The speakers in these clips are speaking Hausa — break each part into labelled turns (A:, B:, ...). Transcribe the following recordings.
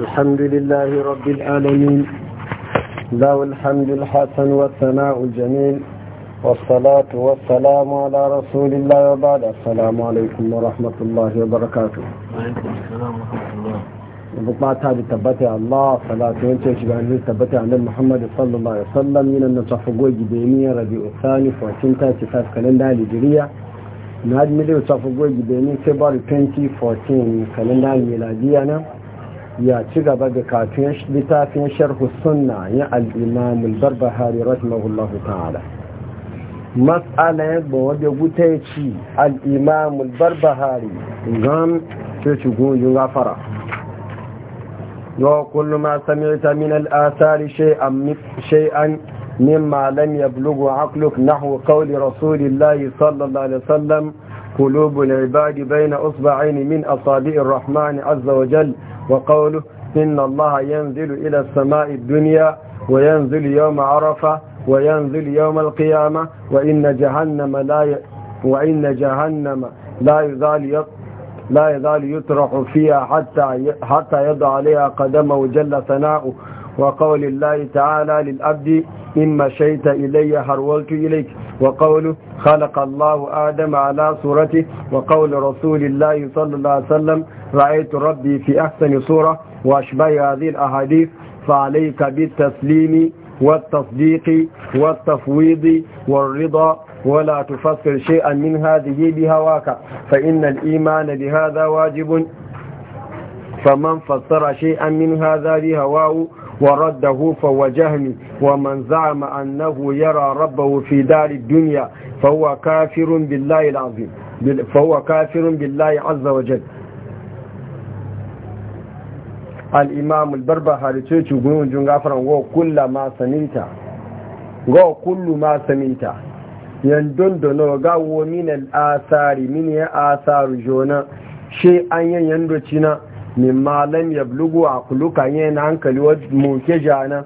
A: الحمد لله رب العالمين له الحمد الحسن والثناء الجميل والصلاة والسلام على رسول الله وبعد السلام عليكم ورحمة الله وبركاته
B: وعليكم السلام ورحمة الله
A: بطلعتها بتبتع الله صلاة وانتش بأنه تبتع عن محمد صلى الله عليه وسلم من النصف قوي جبينية ربيع الثاني فوتنتا تفاس كالندا لجرية نهاد مليو صفقوي جبينية فبراير 2014 كالندا الميلادية ya ci gaba da kafin littafin sharhu sunna ya al-imam al-barbahari rahimahullahu ta'ala matsala ya gbawa da guta ya ci al-imam al-barbahari gan ce ci goyin gafara yau kullum ma sami'ta min al-asari shay'an mimma lam yablughu aqluk nahwu qawli rasulillahi sallallahu alaihi wasallam قلوب العباد بين أصبعين من أصابع الرحمن عز وجل وقوله إن الله ينزل إلى السماء الدنيا وينزل يوم عرفة وينزل يوم القيامة وإن جهنم لا ي... وإن جهنم لا يزال يط... لا يزال يطرح فيها حتى ي... حتى يضع عليها قدمه جل ثناؤه وقول الله تعالى للأبد إما شئت إلي هرولت إليك وقوله خلق الله آدم على صورته وقول رسول الله صلى الله عليه وسلم رأيت ربي في أحسن صورة وأشبه هذه الأحاديث فعليك بالتسليم والتصديق والتفويض والرضا ولا تفسر شيئا من هذه بهواك فإن الإيمان بهذا واجب فمن فسر شيئا من هذا بهواه ورده فهو جهمي ومن زعم أنه يرى ربه في دار الدنيا فهو كافر بالله العظيم فهو كافر بالله عز وجل الإمام البربهاري تشيشو قنون جنغافرا وكل ما سميته ga kullu ma saminta yandun da nawa ga womin al'asari min ya asaru jona shi an yan yando mimma lam yablugu aqluka yana hankali wa muke jana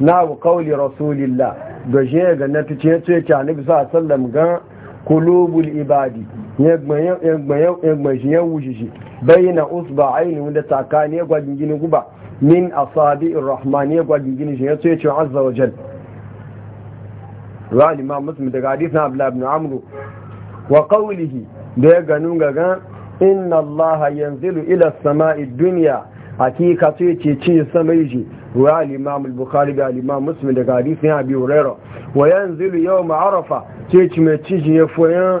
A: na wa qawli rasulillah ga je ga na tice ce ta nabi sallallahu alaihi wasallam ga kulubul ibadi yagbayan yagbayan yagbayan ya wujiji. bayna usba'aini wanda takani ya gwajin guba min asabi'ir rahmani ya gwajin gini shi ce ce azza wa jal wa al imam muslim daga hadith na abdullah ibn wa qawlihi da ya ganu ga inna allaha yanzilu ila sama'i dunya hakika to yace ci sama yaji wa al-imam al-bukhari da al-imam muslim daga hadisin abi hurairah wa yanzilu yawm arafa ce ci me ci ya foyan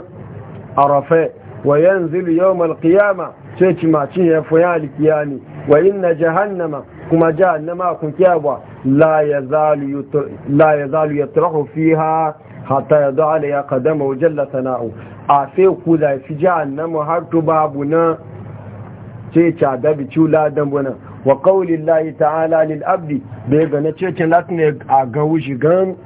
A: arafa wa yanzilu yawm al-qiyama ce ci ma ci ya foyan al-qiyami wa inna jahannama kuma jahannama kun kiyawa la yazalu la yazalu yatrahu fiha hatta ya zo ala ya kadama wajalla sana'u a sai ku da fi jahannama har to babu na ce da cula dan bana wa ta'ala lil abdi bai ya na ce ce latin a ga wushi gan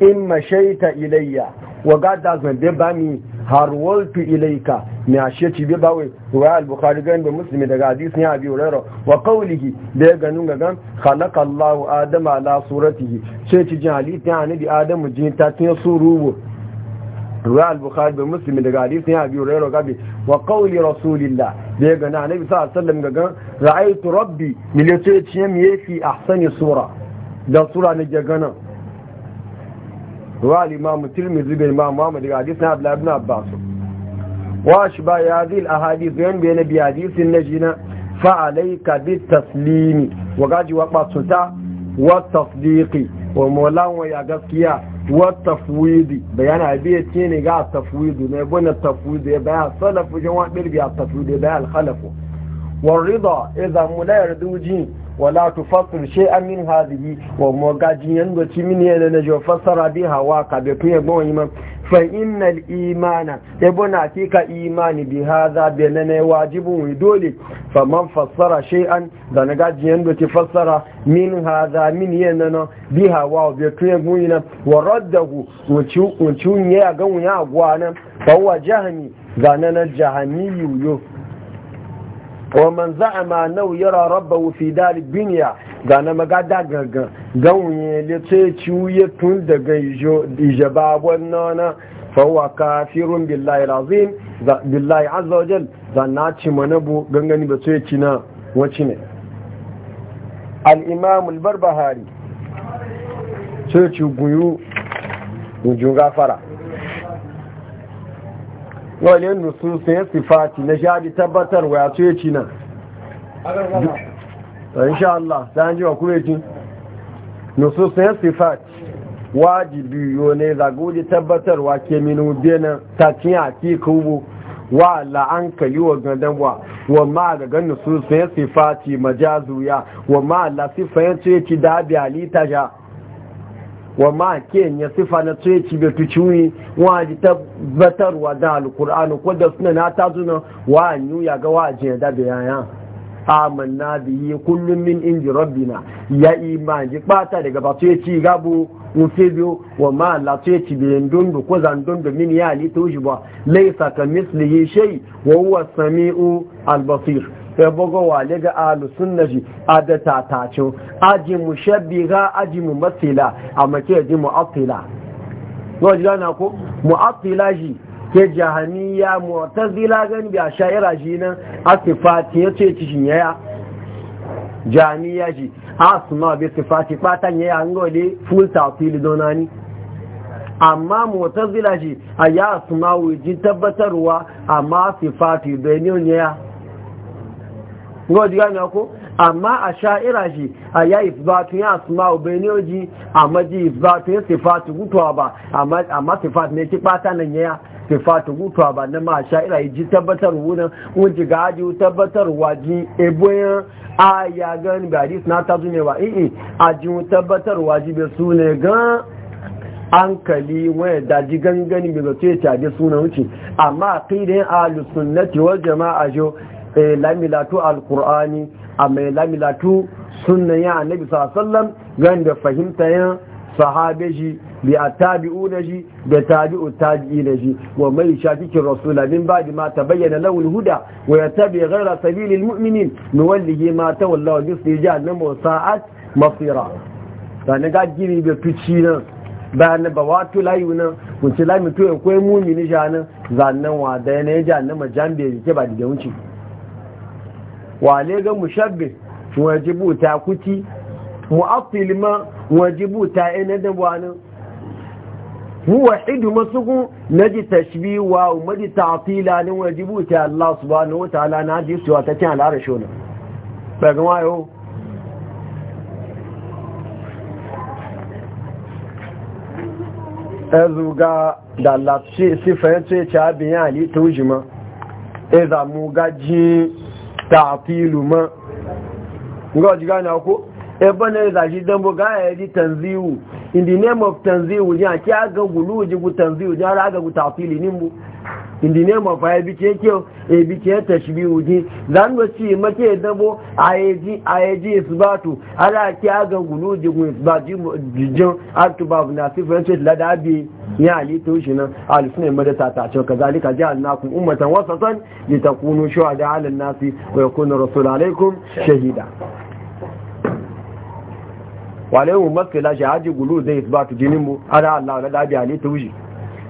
A: in mashaita ilayya wa gada zan be ba mi Har wolfi ilaika mai ashe ci bi bawai ruwaya al-bukhari yin da musulmi daga hadis ne abi hurairah wa kawulihi da ya ganin ga gan khalaqallahu adama ala suratihi ce ci jin halitta annabi adamu jin ta tin surubu ruwaya al-bukhari da musulmi daga hadis ne abi hurairah gabi wa kawuli rasulillah da ya gani annabi sallallahu alaihi wasallam ga gan ra'aytu rabbi milatu ci mi yafi ahsani sura da sura ne ga ganan رواه الإمام الترمذي بالإمام محمد حديثنا عبد الله بن عباس وأشبه هذه الأحاديث بين بأحاديث النجنة فعليك بالتسليم وقاجي وقصتا سلطة والتصديق ومولان ويقفكيا والتفويض بيان عبية تيني قاعد التفويض نبون التفويض بيان صلف وجوان بالبيع التفويض بيان الخلف والرضا إذا ملا يردوجي ولا تفصل شيئا من هذه وموقعجي ينغتي من ينجو فصر بها واقع بكي بوهما فإن الإيمان يبنى فيك إيمان بهذا بأننا واجب ودولي فمن فصر شيئا ذنقعجي ينغتي فصر من هذا من يننا بها واقع بكي بوهما ورده وشون يأغون يأغوانا فهو جهني ذننا جهني يويو wa man za'ama nau yara rabbahu fi dar dunya ga na magada gangan ganwe le ce ciye tun daga ijaba wannan na fa huwa kafirun billahi alazim billahi azza wa jal zanna ci manabu gangani ba ce ci na wacce ne al-imam al-barbahari ce ci guyu gafara wale nusu sai sifati na shaɗi tabbatarwa ya ce ci nan insha Allah da an wa kuma ci nusu sai sifati wajibi yo ne zagudi tabbatarwa ke minu bena ta ciya ki kubu wa la'an ka yi wa gandan wa wa ma ga ganin su sai sifati majazuya wa ma la sifayen ce ci da bi alita wa ma ken ya sifa na tsaye ci bai tuci wa ji tabbatarwa da alkur'ani ko da suna na ta zuna wa nyu ya ga wa ji da bayana amanna bihi kullum min inji rabbina ya iman ji bata daga ba tsaye ci gabu mun wa ma la tsaye ci bai dundu ko zan dundu min ya ali tuji laysa ka mislihi shay wa huwa samiu al-basir ya bugo wale ga ahlu sunna ji da tatacin aji mu ga aji mu a amma ke ji mu'attila yau ji na ko mu'attila ji ke jahaniya mu zila gani bi sha'ira ji nan ya ce ci shin yaya jahaniya ji ma bi tifati patan yaya gode full tafsili donani amma mu'tazila ji su ma wuji tabbatarwa amma sifati yaya ngo diga ne ko amma a sha'ira shi a ya isbatu ya asma ubainiyoji amma ji isbatu ya sifatu gutuwa ba amma amma sifat ne ki bata nan ya sifatu gutuwa ba na ma sha'ira ji tabbatar wurin wuji gaji tabbatar waji eboyin a ya gani ba hadis na ta zune ba eh a tabbatar waji be sune gan hankali waya daji gangani bai zato ya caje suna wuce amma a kai da yin alusunnati wal jama'a jo Eh, lamilatu alkur'ani a mai lamilatu sunan ya annabi alaihi gan da fahimta ya sahabe bi atabi'u tabi'u da tabi'u tabi'i na wa mai shafikin rasula min badi ma ta bayyana lawul huda wa ya ghayra sabili almu'minin nuwallihi ma ta wallawa bi su ji sa'at masira sanin ga gini bai fici nan bayan ba wato layu nan wuce lami to ya mumini shanin zannan wa da ne a jan ke ba da wuce wale ga mushabbi wajibu ta kuti mu'attil ma wajibu ta ina da wani huwa hidu masuku naji tashbi wa umadi ta'tila ni wajibu ta Allah subhanahu wa ta'ala na ji su ta cin al'arashi ne ba ga wayo ezuga da lafsi sifayen ya ce cha biyan ali tujima ezamu gaji ta'tilu ma ga ji gane ko e bane da dan bo ga yadi di tanzihu in the name of tanzihu ya ki aga gulu ji gu tanzihu ya gu ta'tili nimbu indi ne ma fa ayi bi ke kyau e bi ke tashbihu ji dan ba ci make dabo ayaji ayaji isbatu ala ki aga gulu ji gun isbatu jo artu bab na sifan ce la da bi ya ali to shi na al sunna madata ta ce kazalika ja'alnakum ummatan wasatan takunu shuhada 'ala an-nasi wa yakuna rasul alaikum shahida wale mu makka shahadi gulu zai isbatu jinin mu ala Allah la da bi ali to shi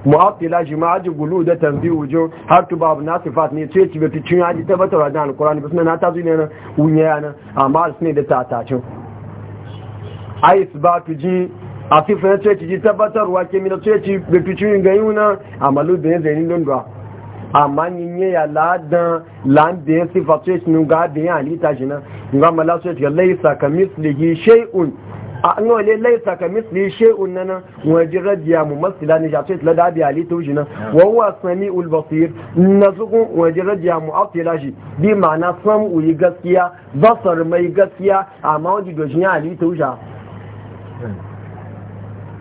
A: mu'attila jima'aji gulu da tanbihu jo har tu babu nasifat ne ce ce bi cin haji tabbatar da alqur'ani ba sunan ta zuwa ne unya yana amma da ta da cin ai isbatu ji a sifin ce ta ji tabbatarwa ke na ce ci bi cin ga yuna amalu da zainin don da amma yin yi ya ladan lan da sifa ce ga da ya ni ta na ga mala ce ci laisa kamislihi shay'un a an wale laisa ka misli shay'un nan waji radiya mu masila ni jafe la da biya li tawji nan wa huwa sami'ul basir nazuku waji radiya mu afila shi bi ma'ana sam'u yi gaskiya basar mai gaskiya amma waji dojin ali tawja hmm.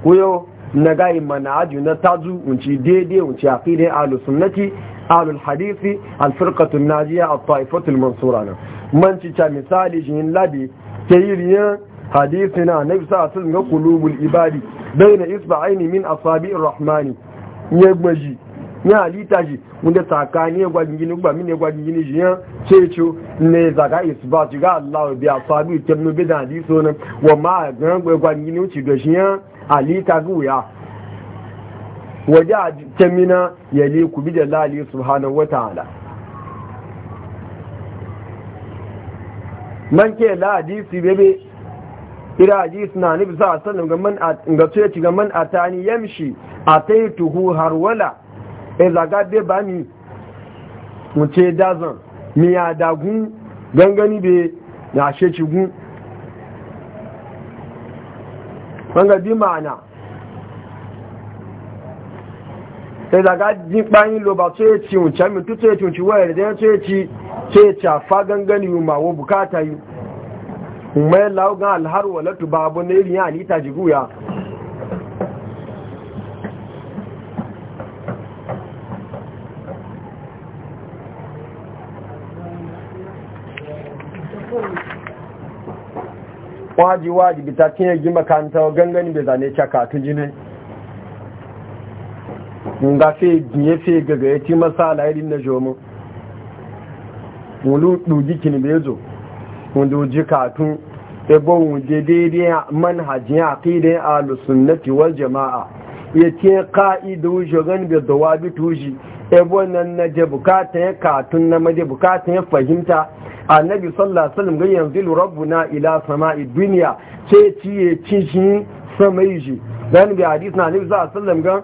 A: koyo na gayi mana aju na tazu unci daidai unci aqidai ahlus sunnati ahlul hadisi alfirqatu najiya at-taifatu al-mansura nan man ci misali jin labi ke yiriyan hadisina na bisa a sun ga kulubul ibadi bai na isba aini min asabi rahmani ya gbaji ya halitta shi wanda tsakani ya gwajin gini ba mini ya gwajin gini shi ya ce ce ne zaga isba shi ga Allah bi asabi kemnu bi da hadiso nan wa ma ga gwajin gini wuce ga shi ya halitta ga wuya waje a kemina ya le ku bi da lali subhanahu wa ta'ala man ke la hadisi bebe ira ji suna nufi sallallahu a sanin ga ce ci ga man ni yamshi ataituhu harwala e zaga be bani mu ce dazan mi ya dagun gangani be na she ci gun wanga bi ma'ana e daga jin bayin lo ba ci wuce ce tu tuce ci ci wayar da ce ci ce ci fa gangani ma wo bukata yi mai laugan alharu walatu babu na irin yana ta jiguya waji waji bita tinye gima kanta gangani bai zane caka tu jini nga fi biye fi gaga ya ti masala irin na jomo wulu ɗugi kini bai zo wanda ji katun ebo wuje daidai manhajin aqidin ahlus sunnati wal jamaa yace qa'idu shogan bi dawabi tuji ebo nan na je bukata ya katun na maje bukata ya fahimta annabi sallallahu alaihi wasallam ga yanzu rabbuna ila sama'i dunya ce ciye cin sama yi dan bi hadisi na annabi sallallahu alaihi wasallam ga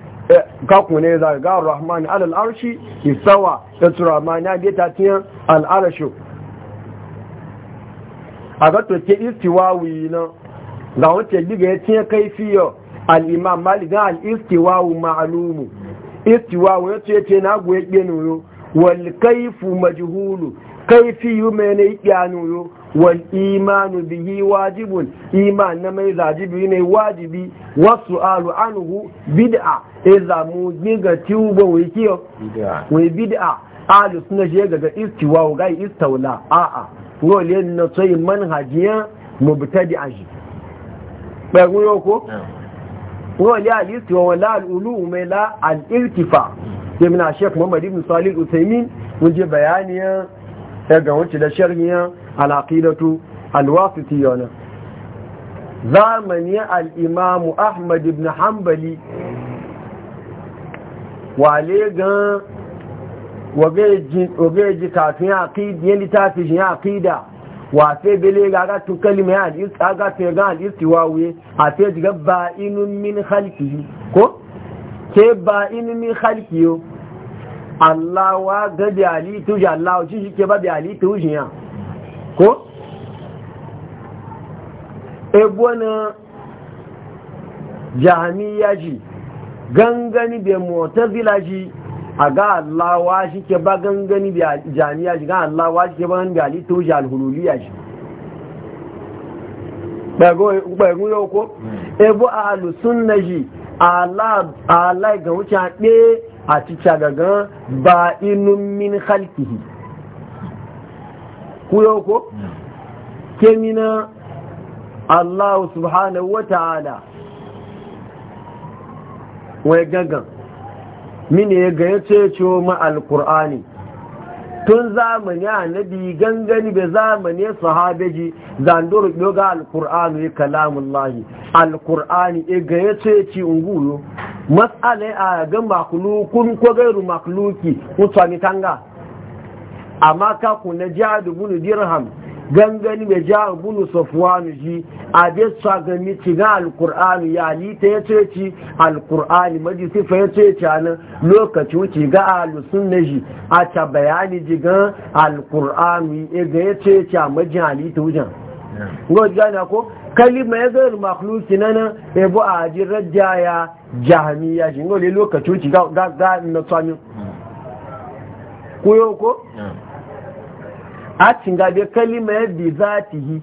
A: ne za ga rahmani alal arshi isawa da turamani ya geta tiyan al'arashu a ga toke wuyi na ga wata diga ya tiyan kai fiye al'imam maligan wu ma'alumu istiwawu ya ce ce na goye ƙenuyo wal kaifu majhulu kaifiyu mai na ƙyanuyo wal imanu bihi wajibun iman na mai zajibi ne wajibi wasu alu anuhu bid'a e zamu giga tuba wai kiyo wai bid'a ahlu sunna je ga istiwa wa gai istawla a a ngole na sai manhajiya mubtadi aji ba guyo ko ngole al istiwa wala al ulu mai la al irtifa sai muna Sheikh Muhammad ibn Salih Utsaimin mun je bayaniya ga wuce da sharhiya al aqidatu al wasitiyana zamaniyar al-imamu Ahmad ibn Hanbali wale gan wage ji kafin aqidi yan litafi shi aqida wa fe bele ga ga tun kalima ya hadis aga te ga hadis tiwawe a te diga ba inun min khalqihi ko ke ba inun min khalqiyo Allah wa ga bi ali tuji Allah wa shi ke ba bi ali tuji ya ko ebona jahamiya ji gangani bai mota zilashi a ga allawa shi ke ba gangani bai jami'a shi ga allawa shi ke ba gangani bai halittu shi alhululiya shi ɓagun yau ko ebu a alusun na shi allah ga wuce a ɗe a cikin gagan ba inun min halkihi ku yau ko hmm. kemina allahu subhanahu wa ta'ala wai gagan mini ya gaya ce ma alkur'ani tun zamani annabi gangani bai zamani sahabeji zandoro biyo ga alkur'ani ya kalamun lahi alkur'ani ya gaya ya ce ci matsala a ga makulukun ko gairu makuluki mutane tanga amma ka na jihadu bunu dirham gangani mai ja bunu safwanu ji a bai sa gani cikin alkur'ani ya lita ya ce ci alkur'ani maji sifa ya ce ci anan lokaci wuce ga alusun na ji a ta bayani ji ga alkur'ani ga ya ce ci a maji halitta wujan gwaji gana ko kalima ya zai makhluki na ya bu a ji rajja ya jahamiya shi ngole lokaci wuce ga na tsamin ko a cinga kalima ya bi hi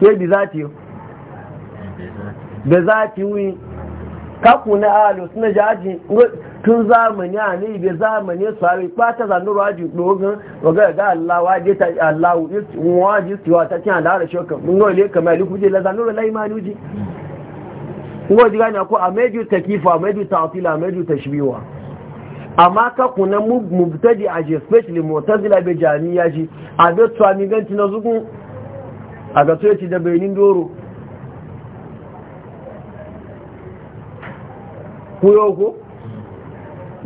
A: ke bi zatihi da zatihi kaku na alo suna aji tun zamani a ne bai zamani su hari kwata zanen aji dogon ga ga allawa waje ta Allah waje su ta cin da harshe kan mun gole kamar likuje la zanen la imani uji ko ji gani ko a meju takifa meju a meju shibiwa amma ka kuna mubtadi a je especially mutazila be ya ji a be tuwa ni ganti na zukun a ga tuwa ci da benin doro kuyo ko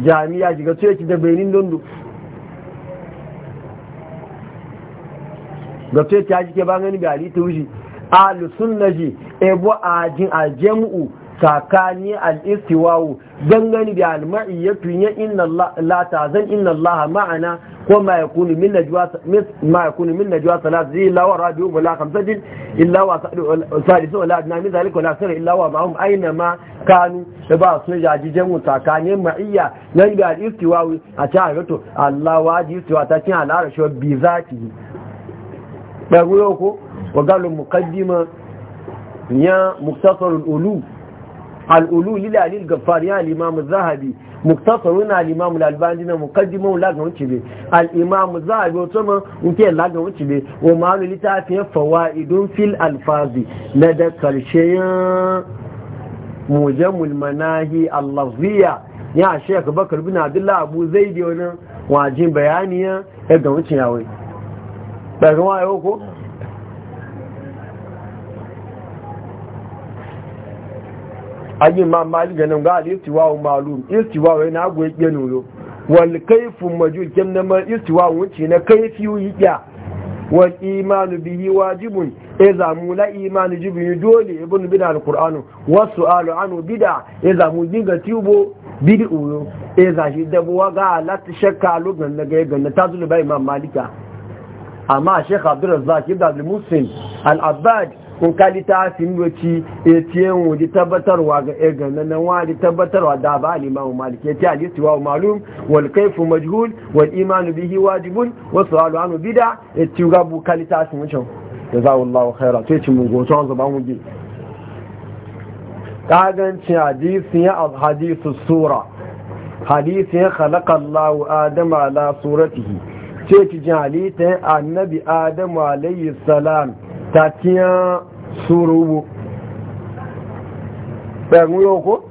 A: ya ji ga tuwa ci da benin dondo ga ci ya ji ke ba ngani bi ali tawji ahlus sunnaji ebo ajin aljam'u tsakani al'istiwawu gangani da alma'iyyatu ya inna la zan inna Allah ma'ana ko ma yakunu min najwa ma yakunu min najwa salat zai la wa rabiu wala khamsatin illa wa sadisu wala adna min zalika wala sirra illa wa ma'hum aina ma kanu da ba su jaji jamu tsakani ma'iyya nan da al'istiwawu a ta gato Allah waji istiwa ta cin al'ara shi bi zati ba ko wa galu muqaddima ya muktasarul ulu al'ulu lila alil gafari ya al'imamu zahabi muktasaru na al'imamu lalbani na mukaddimu lagan wuce be al'imamu zahabi wato ma nke lagan wuce wa ma'anu littafin fawa'idun fil alfazi na da karshe yan mujamul manahi allaziya ya shek bakar bin abdullahi abu zai da wani wajin bayaniya ya ga wuce ko aji ma mali ganin ga al-istiwa ma'lum istiwa wai na go yake nuyo wal kayfu majul kem na ma istiwa wuce na kayfi yiya wal imanu bihi wajibun iza e mu la imanu jibu dole ibn e bin alquran wa su'alu anu bida iza e mu dinga tubo bid'u yo iza shi dabuwa ga lat shakka lugan na ga ta zulu bai ma malika amma shekh abdurrazzaq ibn al-muslim al-abbad kun kali ta sin doci eh, ya ce wuri tabbatarwa ga eh, ga nan di tabbatarwa da ba alimamu maliki ya ce hadisi wa malum wal kayfu majhul wal iman bihi wajibun wa su'alu anu bida ya ci bu kali ta sin wucin da za Allah khaira sai ci mun goto an zuban wuge ci hadisi ya al hadisu sura hadisi ya khalaqa Allah adama ala suratihi ce ci jali ta annabi adamu alayhi salam tatiya surubu yóò yoko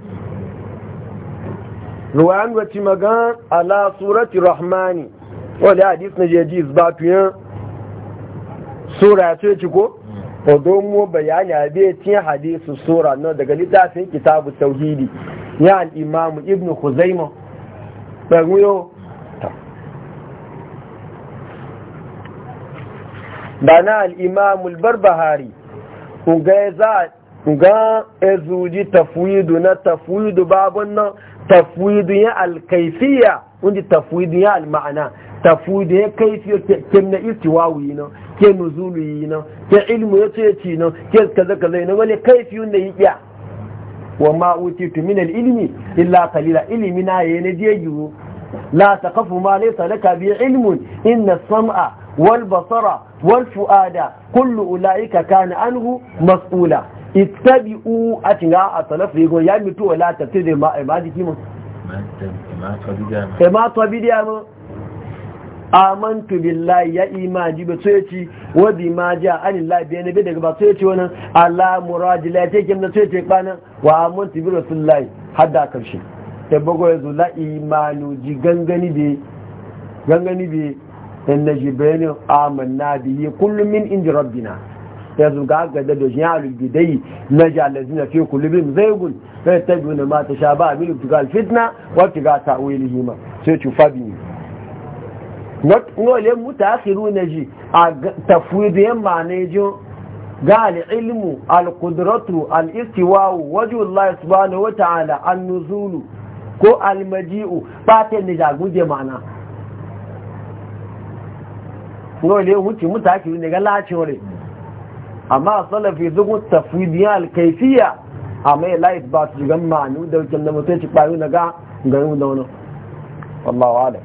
A: ruwan wacce magan ala surati rahmani wadda hadis na jeji izbatuyan sura ti kó ko mú bayani abe tiyan hadisu sura na daga littafin kitabu tauhidi ya al'imamu ibn huzaima pẹ̀lú yóò ba na al'imamul barbahari ga za ga ezuji tafwidu na tafuidu babun nan tafuidu ya alkaifiya wanda tafuidu ya alma'ana tafuidu ya kaifiyar kem na istiwawu yi nan ke nuzulu yi nan ke ilmu ya ce ci nan ke kaza kaza yi nan wani kaifiyun da yi iya wa ma'utitu min ilimi illa kalila ilimi na yayi na je لا تقف ma ليس لك بعلم إن inna والبصر sama wal basara wal fu'ada kullu ulaika kana anhu mas'ula يا atinga asalaf yego ya mitu wala tafsir ma ma mu
B: ma
A: mu amantu billahi ya imaji ba so yace wa ma ja anillahi bi nabi daga ba so yace wannan ala muradi take kin so yace wa amantu bi hadda karshe da yanzu ya zula ji gangani bi na ji bayanin amanna bihi kullum min inji rabbina yanzu ga ga da dojin alul bidai na jalazina fi zai gun, sai ta biyu na mata sha ba min fitna wa ta ta'wilihi ma sai ci fabi nole mutakhiru na ji a tafwidin ma ne jo ga al-ilmu al-qudratu al-istiwa wajhu Allah subhanahu wa ta'ala an-nuzulu ko almaji'u fatan da guje mana no ne wuce mutaki ne ga wani. amma salafi zugun tafwidiyar alkaifiya a mai laif ba su gan ma'anu da wuce da mutum ci kwayo na ga garin da wani wallawa da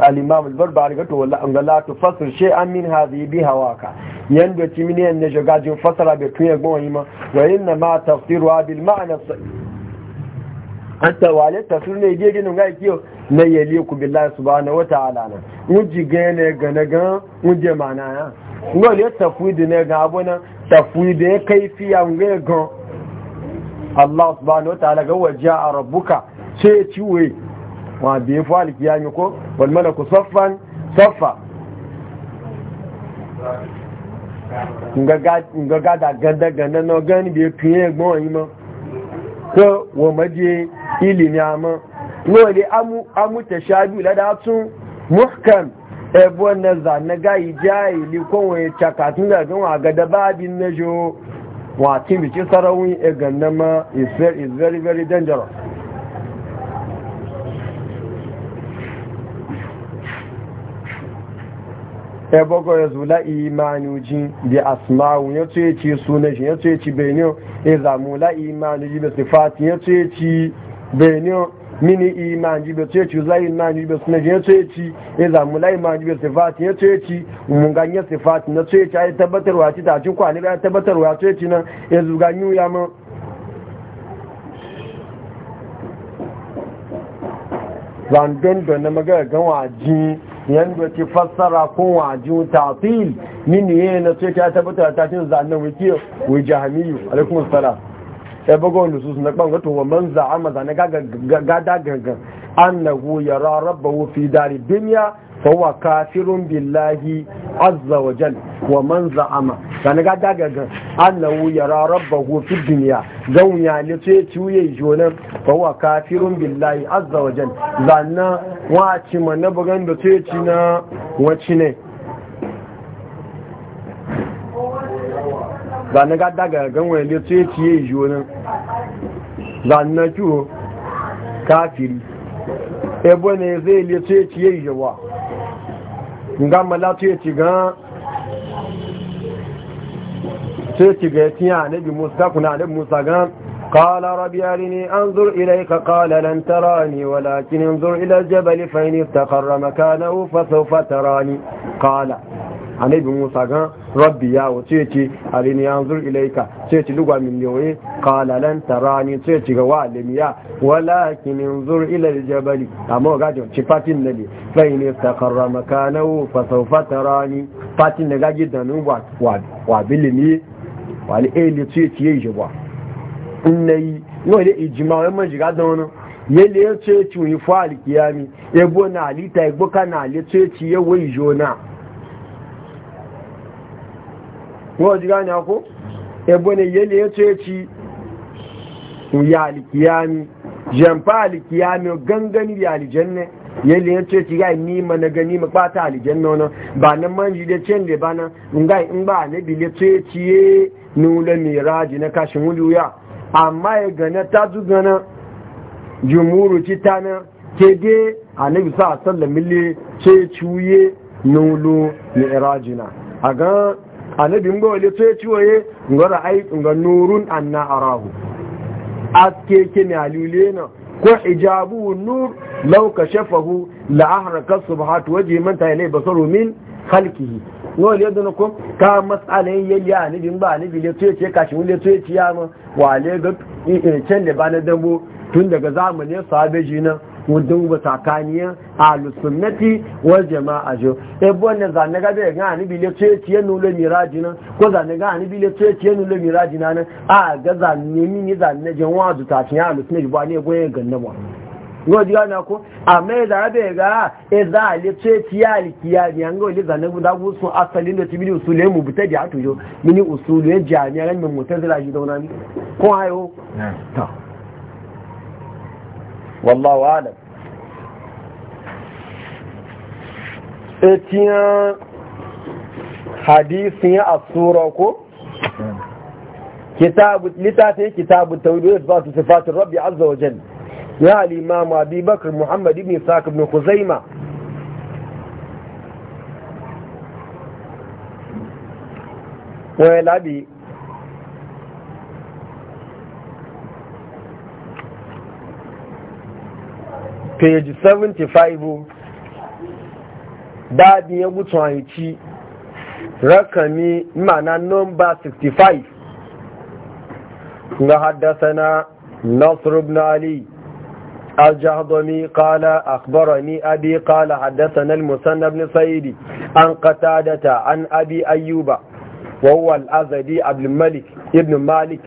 A: al'imam wala gato walla'anga latu fasir she amin hazi bi hawaka yadda cimini yan ne shiga jin fasara bai tun yagbon yi ma wa yin na ma tafsirwa bil ma'ana hatta wale sun ne gidi ginin ga kiyo na yali ku billahi subhanahu wa ta'ala na muji gane gane ga muje mana ya ngol ya tafwidi ne ga abuna ya kai kaifiya nge gan Allah subhanahu wa ta'ala ga waja rabbuka ce ciwe wa bi kiya ni ko wal malaku saffan saffa ngaga ngaga nga da ganda ganda no gani bi kiyen gbon yi mo ko wa maje ilimi amu wani amuta sha biyu lada tun muhkam bo na za na ga gayi li ko wani tun da gan wa gada babin na jo wa timbici sarawun e ganna ma is very very dangerous ebogo ya zula imanuji bi asma'u ya ce ci sunan shi ya ce ci benin ya zamu la imanuji da sifati ya ce ci benin mini imanji be ce ci zai imanji be sunan shi ya ce ci ya zamu la imanji be sifati ya ce ci mun ganye sifati na ce ci ai tabbatarwa ci ta ci kwani ya tabbatarwa ce ci nan ya zuganyu ya mu zandon don na magana gan wajen yanda ke fassara ko wajin tatil min yi na ce ta tabbata ta cin zanen wiki wai jahamiyu alaikum assalam Ya bago nusus na suna gato wa man za'ama zana ga ga an na annahu rarraba wufi dari duniya fowa kafirun billahi azza wa jal wa man za'ama kana ga daga ga annahu yara rabbahu fi dunya gaun ya ne sai tuye jona fowa kafirun billahi azza wa jal zanna wace man bugan da sai ci na wace ne zanna ga daga ga wa ne sai tuye jona zanna kafiri ebo ne zai lice ci yi gama latufe shiga siyan an taɓa musu takuna a dan musa a gane kala rabi'u ni an zoro idan yi ka kala lantarki ne walakin an zoro ila zubar da fahimtar ta karrama fa tara ni kala. annabi musa gan rabbi ya wuce ce ce arini zur ilaika ce ya ce lugwa min yoyi kalalan tarani ce ya ce ga walimiya walakin zur ila jabali amma ga jin ci patin na ne sai ne takarra makanahu fa sawfa tarani patin na gaji da nu wa wa bilimi wal eli ce ce yi jaba yi no ile ijima wa ma jiga da wannan yele ce ce ci yi fa alkiyami ebo na alita ebo kana ale ce ci yawo ijona wọ́n jí gani ako ẹgbọ́n ni yẹ́lẹ̀ ya ce ci ya alikiyami jamfa alikiyami gangani ya yẹ́lẹ̀ ya ce ci ga nima na gani makwata alijanne ba na da ba na ngai ba ci ye kashin wuliya amma ya gana ta zugana jumuru ci ta na ke dai annabi a gan. annabi ngo le to ci waye ra ai ngo nurun anna arahu aske ke ne alule na ko ijabu nur law kashafahu la ahraka subhat waji man ta ilay basaru min khalqihi ngo le don ko ka mas'ala ye ya ni ba ni le to ce ka shi le to ya ma wa ga ne ba na dambo tun daga zamanin sahabeji jina. wadon ba tsakaniyar alusunnati wal jama'a jo ebe wanda zane gabe ya gani bile tsoyaci yanu lo miraji nan ko zane gani bile tsoyaci yanu lo miraji nan a ga zane mini zane jan wazu tashin ya alusunnati ba ne goye ganna ba ngo diga na ko amma da rabe ga e za le tsoyaci ya alkiya ni an go le zane guda gusu asalin da tibili usule mu bita da atujo mini usule jami'a ran mun mutazila shi dauna ni ko ayo ta wallahu alam etiyan hadisi a tsura ko littafin kitabu tawhid ba su sifatun rabbi azza wa jal ya al-imam abi bakr muhammad ibn saq ibn khuzaima wa labi page 75 dadi ya gutu haici rakami mana nomba 65 ga na نصر ibn ali الجهضمي قال أخبرني أبي قال حدثنا المسنى بن سيدي عن قتادة عن أبي أيوب وهو الأزدي عبد الملك ابن مالك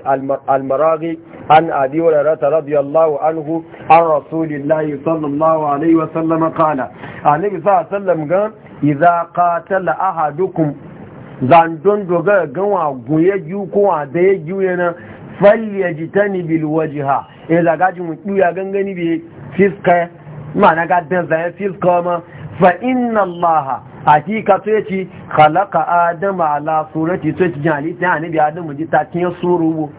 A: المراغي عن أبي هريرة رضي الله عنه عن رسول الله صلى الله عليه وسلم قال النبي صلى الله عليه وسلم قال إذا قاتل أحدكم zandon dogara ganwa goye ju ko a da ya ju yana falle ji ta ni bil wajiha e zaga ji mu duya gangani bai fiska ma na ga dan zai fiska ma fa inna hakika to yace khalaqa adama ala surati to yace jali ta annabi adamu ji ta kin surubu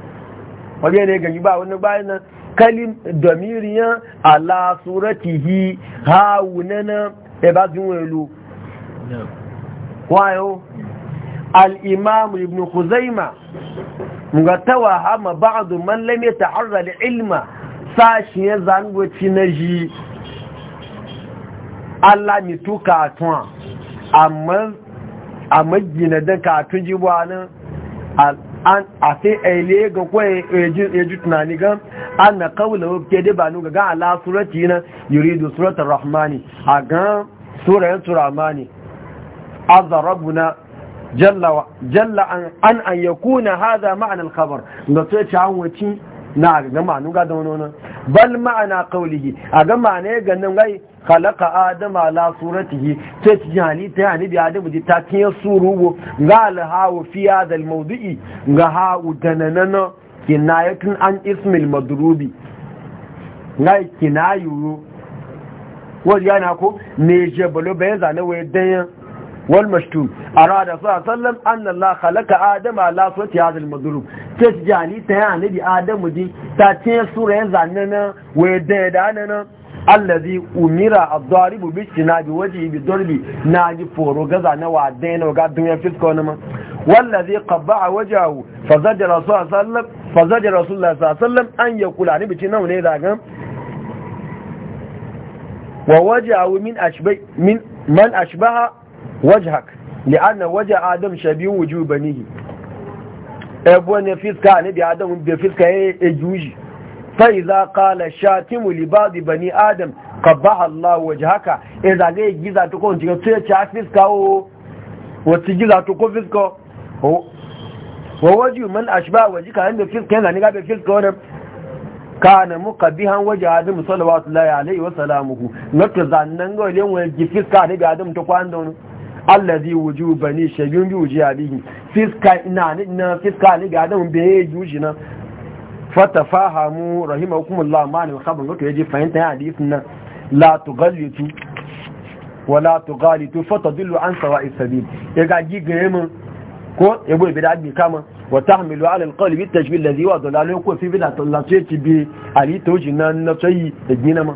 A: wabe ne gani ba wani ba nan kalim domiriyan ala suratihi haunana e ba jin welu wayo al-imam ibn khuzaima nga tawahama ba'd man lam yataharra li ilma sashi ya zango ci na ji Allah mituka tuka amma gina da katun ji wani a sai aile ga kwaye ya e ji tunani gan an na kawula wuke dai ba nuga gan ala surati na yuridu suratun rahmani a gan surayen turamani azarabuna jalla an an yakuna haza, ma'anar kabar da sai ci an wacin na ga ma'anu ga da wani bal ma'ana qawlihi a ga ma'ana ya ganin gai khalaqa adama la suratihi sai ci ta ya ni bi adamu ji ta kin surubo ga al ga fi hadal mawdu'i ga hawu dananana kinayatun an ismil madrubi ngai kinayu wani yana ko ne jebalo bayan zane waye danyan والمشتوم أراد صلى الله عليه وسلم أن ta خلق آدم adamu صوت هذا المضروب تسجاني تهاني دي آدم دي تاتين سورة زننا ويداننا allazi umira adaribu bi tinabi waji bi dorbi naji foro gaza na wa dena ga dunya fisko na ma wallazi qabba'a wajahu fazada rasul sallam fazada rasul sallam an yakula ni ne daga wa wajahu min ashbay min man ashbaha wajhak li'anna waje adam shabi wuju banihi ebo fiska ne bi adam da fiska ya ejuji fa idza qala shatimu li ba'd bani adam qabaha Allah wajhaka idza ga giza to ko tinga tsaye cha fiska o wati giza to ko fiska o wa waju man ashba wajika inda fiska yana ni ga fiska wannan kana muqabihan waje wa bi adam to kwando allazi wuju bani shagun bi wuji alihi fiska ina na fiska ni ga dan be yuji na fatafahamu rahimakumullah ma ne khabar to yaji fahimta ya hadisin nan la tughallitu wa la tughalitu fatadillu an sawa'i sabil yaga gigaye mu ko yabo bi da kama wa tahmilu ala alqalbi at-tajbil alladhi wa dalalu ko fi bila tallati bi ali tawjina na tayi da gina ma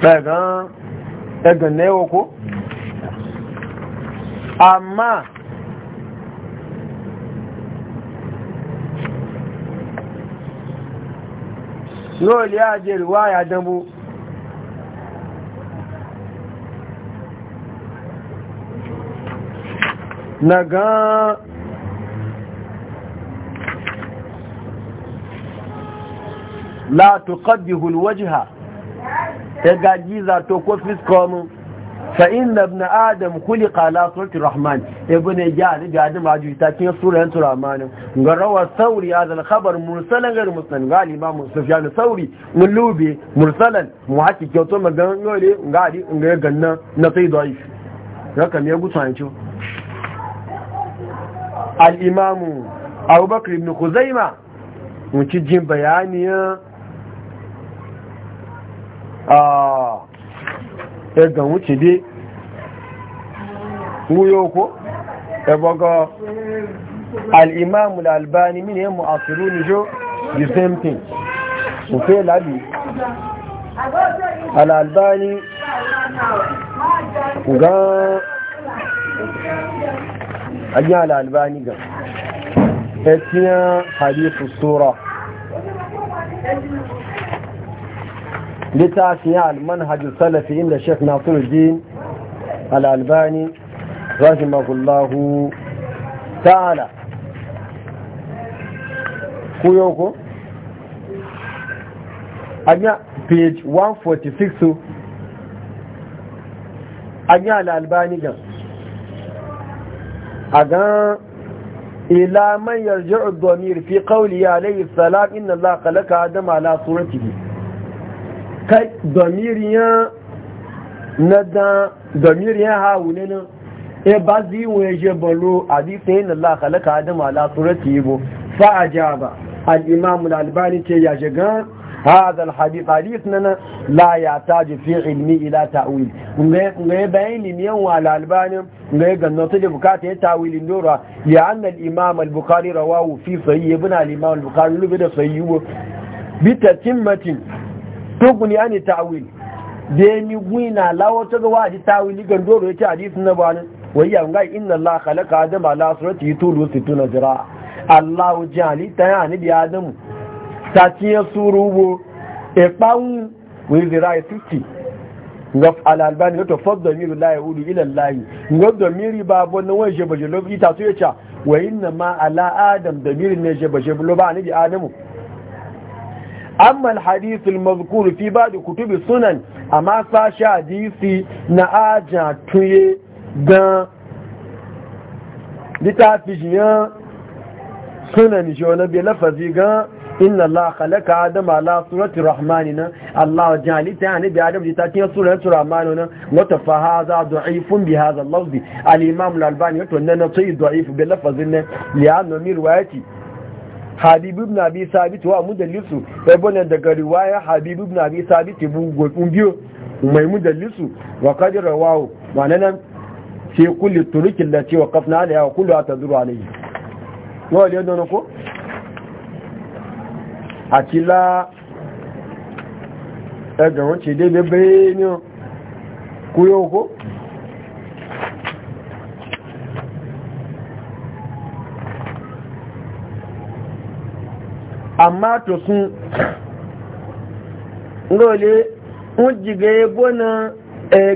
A: daga daga ne ko amma lóòlì àjẹ́ ìwá àyàdánbó na gan la tuqaddihu alwajha ta gaji za to ko fiskomin فإن ابن آدم خلق على سورة الرحمن ابن جعل جعل معجوز تاكين سورة أنت الرحمن روى الثوري هذا الخبر مرسلا غير مسلم قال إمام سفيان الثوري ملوبي لوبي مرسلا محكي كيوتو مغان يولي قال إنه يغنى نطي ضعيف رقم يقول صحيح الإمام أبو بكر بن خزيمة ونشجين بيانيا آه ẹgbẹ̀ wuce dé wúyọ́ kó ẹgbọ́gọ́ al'imamu al'albani mini yammu a firu ni jo the same thing òfẹ́ lábí ni gan ajiyar al'albani gan ẹ̀tíyàn hadithu sura littafin ya almanhajin salafi inda sheik nasirudin al’albani rahimahullahu ta’ala ku yau ku? a yi page 146 a yi al’albani gan a gan ilaman yarjar domin fi ƙauli ya inna laƙalaka adama ala kai domiriyan na dan domiriyan ha wule nan e ba zi yi ye je bolo adi fe in allah khalaqa adam ala surati bo fa ajaba al imam na albani ce ya je gan hada al hadith hadith nan la ya taji fi ilmi ila ta'wil ne ya bayani ne yan al albani ne ga no ta bukata ya ta'wilin dora ya an al imam al bukhari rawahu fi sahih ibn al imam al bukhari lu bi da sahih bi tatimmatin tukuni ya ne ta'awil da ya ni gwina lawo ta ga wa'adi ta'awili ga doro ya ce hadisun na bani wai ya nga inna Allah khalaqa adam ala surati tulu situna jira Allah jali ta ya ni bi adam ta ci ya suru bo e pawu wi jira 50 ga al-albani to fadda mi la yaudu ila Allah ga da miri babo na wai jebaje lobi ta so ya ce wa inna ma ala adam da miri ne jebaje lobi ani bi adamu amma alhadith almazkur fi ba'd kutubi sunan amma sashi hadisi na aja tuye dan litafiyan sunan jona bai lafazi gan inna allaha khalaqa adama ala surati rahmanina allah jalita ne bi adam litafiyan surati rahmanina wa tafahaza du'ifun bi hadha al-lafzi al-imam al-albani to nan sai du'if bi lafazin ne li anna mi riwayati habibu na bi sabiti wa mudallisu ibn daga riwaya habibu na bi sabiti bu gobin biyo mai mudallisu wa qad rawahu ma'anan fi kulli turuki allati waqafna alaiha wa kullu atadru alaihi wa le don ko akila ẹgbẹ̀rún dai dé bẹ́bẹ́ ní ko? amma to sun ngole un jiga yabo e na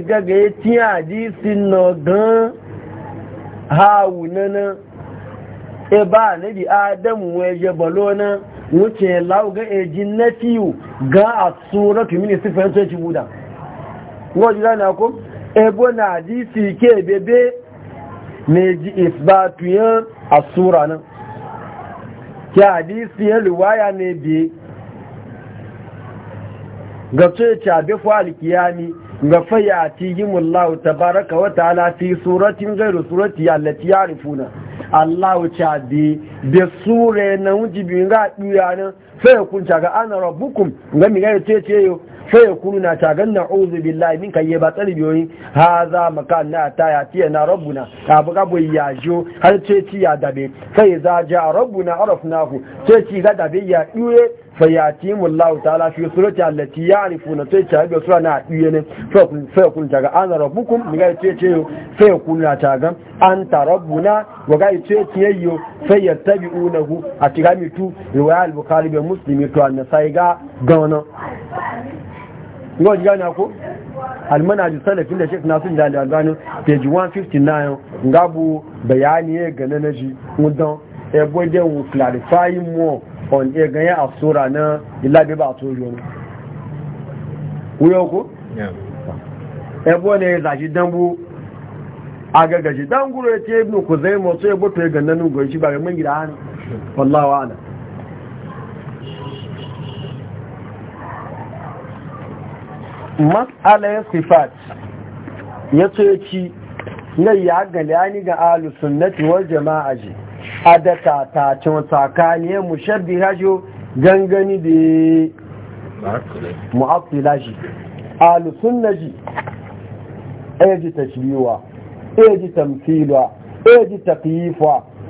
A: gaga ya tiya hadisi na gan hawu na na e ba na bi adamu wa ya balo na wuce lauga e jin na fiyu ga a suratu mini sifar ta ci buda ngole na ko ebo na si ke bebe na ji isbatu yan a sura nan ki hadisi ya riwaya ne bi ga tsoyaci abin falikiyami ga fayyati yi mullahu tabaraka wa ta'ala fi suratin gairu surati allati yarifuna Allahu cha bi da sure na wujibin ga duya ga ana rabbukum ga ya kuru na tagan na ozu billahi min kan yi ba tsari biyoyi ha za maka na ta ya tiya na rabbuna ka buga bai ya jo har ce ci ya dabe sai za ja rabbuna ku ce ci ga dabe ya duye fayatimu Allah ta'ala fi surati allati na sai ta bi sura na ɗuye ne ya kun taga an rabbukum mi ga ce ce sai kun na taga an tarabbuna wa ga ce ce yayyo fa yattabi'unahu a tigami tu riwaya al-bukhari bi muslimi to an sai ga ga wannan yau ji gane ko almanajin salafin da sheik nasu jali albanu page 159 gabu bayani ya gane na ji mudan ebo dey will clarify more on a e ganyen asura na ilabe ba to yo wuyo ko ebo e ne zaji dambu agagaji danguro ya ce ibn kuzaimo so ebo to e shi ba mun gida hannu wallahi wa'ala matsalar sifat ya ci na ya gani ga na tiwar jama'a ji a da tatacin tsakani ya mushabbi hajjo gangani da mu'afila ji na ji ɗaya ji tashbiwa ɗaya ji tamfilwa ɗaya ji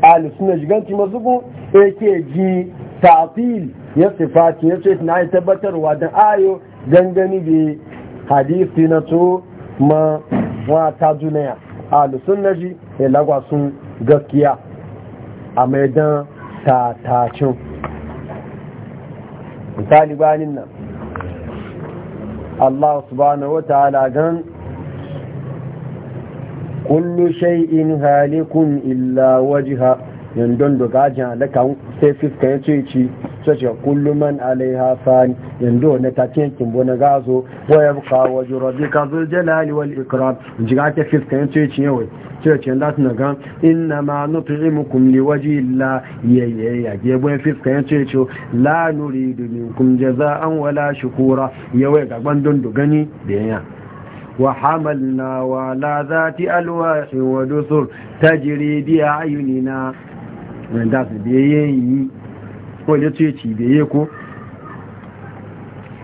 A: alusun na ji ganci mazubu ɗaya ke ji tafil ya sifati ya ce na tabbatarwa don ayo gangani da hadisi na to ma wata duniya alusun na ji ya e lagwa sun gaskiya a maidan tatacin misali bayanin nan Allah subhanahu wa ta'ala gan kullu shay'in halikun illa wajha yandon da gajin alaka sai fiskan ya ce sace ce kullum man alaiha fan yanzu na ta cikin na gazo wa ya buka wa jurabi ka zo jalali wal ikram in ji gake fiska yin ce ciye wai ce ce da su naga inna ma nut'imukum li waji la ya ya ya ge bayan fiska yin ce ce la nuridu minkum jaza'an wala shukura ya wai ga bandon dogani da yanya وحملنا وعلى ذات ألواح ودثر ayunina. wanda su biye yi ya ce cibiye ko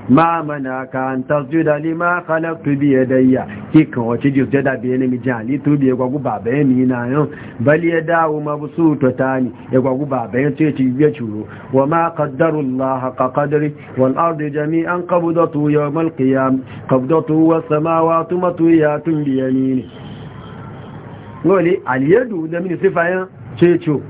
A: ma mana ka an tasjuda lima biye bi yadayya kika wace jujjada bi ne mi jali to bi gwagu baba ni na yau bali ya dawo ma busu mabsuto ni ya gwagu baba yan ce ci biye curo wa ma kaddaru allah ka kadari wal ardi jami'an qabdatu yawm al qiyam qabdatu was samawati matwiyatun bi yamini wali al yadu da min sifayan ce ciwo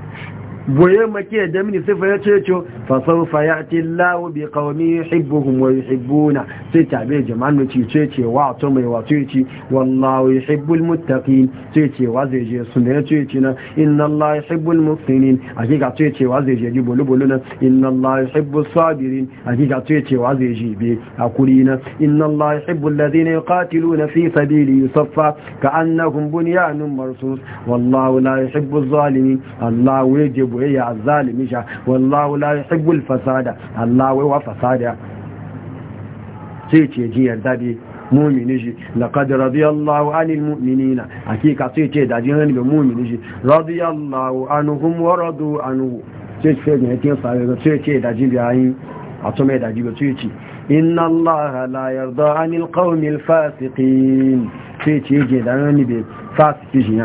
A: goye make da mini sifa ya ce ce fa sawfa ya'ti Allahu bi qaumi yuhibbuhum wa yuhibbuna sai tabe jama'an ci ce ce wa to mai wa ce ce wallahu yuhibbul muttaqin ce ce wa zai je sun ne ce ce na inna Allah yuhibbul muhsinin hakika ce ce wa zai je ji bolu bolu na inna Allah yuhibbus sabirin hakika ce ce wa zai je be hakuri na inna Allah ya ladina yuqatiluna fi sabili yusaffa ka'annahum bunyanun marsus wallahu la yuhibbuz zalimin Allah yajibu ويا ظالميشا والله لا يحب الفساد الله هو فساد تيجي جي دادي مؤمنيجي لقد رضي الله عن المؤمنين حقيقه تيجي دادي هن المؤمنيجي رضي الله عنهم ورضوا عنه تيجي نتي صار تيجي دادي بيين اتومي دادي بتيجي ان الله لا يرضى عن القوم الفاسقين تيجي دادي فاسقين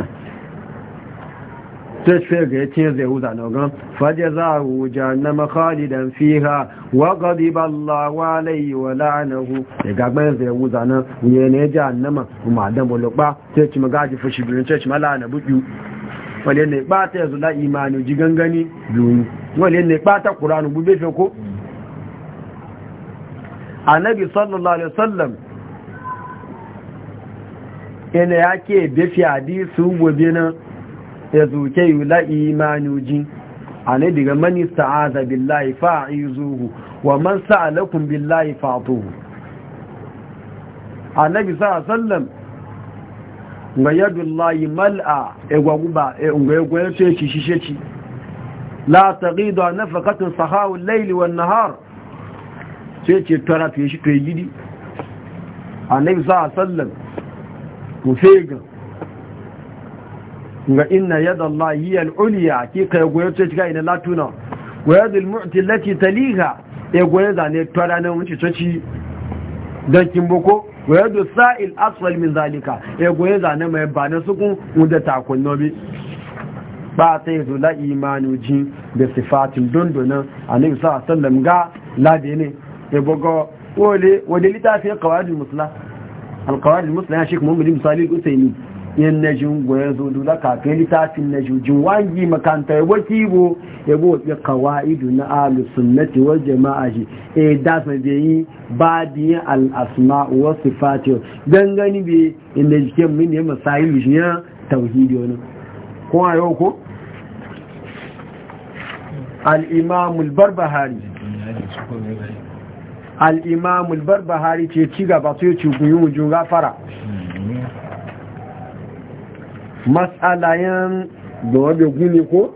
A: sai ce ga ya ce zai wuza na gan faje za a wuja na makhalidan fiha wa gadiba Allah wa alayhi wa la'anahu ya gagban zai wuza na ne ne ji annama kuma dan bulba sai ci magaji fushi birin sai ci mala na buju wale ne ba ta yanzu la imani ji gangani duni wale ne ba ta qur'anu bube fe ko annabi sallallahu alaihi wasallam ina yake bifi hadisi gobe nan ya zuke yi la'i manujin a ne daga mani sa'aza billahi fa'i wa man sa'alakun billahi fa'atuhu a sallam ga yadullahi mal'a egwaguba egwayen ce ci shishe ci la taqidu al wa an-nahar sai ce tara fiye shi to yi gidi annabi ku fega ga inna yadda Allah yi al'uliya ki kai goyon ce cika ina latuna goyon zilmu'ti lati taliha ya goyon zane tara na wuce coci don kimboko goyon da sa'il asfal min zalika ya goyon zane mai ba na sukun wanda nobi ba sai zo la jin da sifatin dundunan a nabi sa sallam ga labe ne ya bugo wale wadda littafin kawajin musula alkawajin musula ya shi kuma mummuni usaini yin na jin goyon zo dula kafin littafin na jujin wangi makanta yabo kibo yabo ya kawaidu na alu sunnati wal jama'a shi e dasa bai yi ba yin al'asma wa sifati don gani bi inda jikin min ne masayi shi ya tauhidi wani kuma yau ko Al'imamul imam al-barbahari al-imam barbahari ce ci gaba sai ci yi jun gafara
B: hmm,
A: hmm. مسألة da wabe guni ko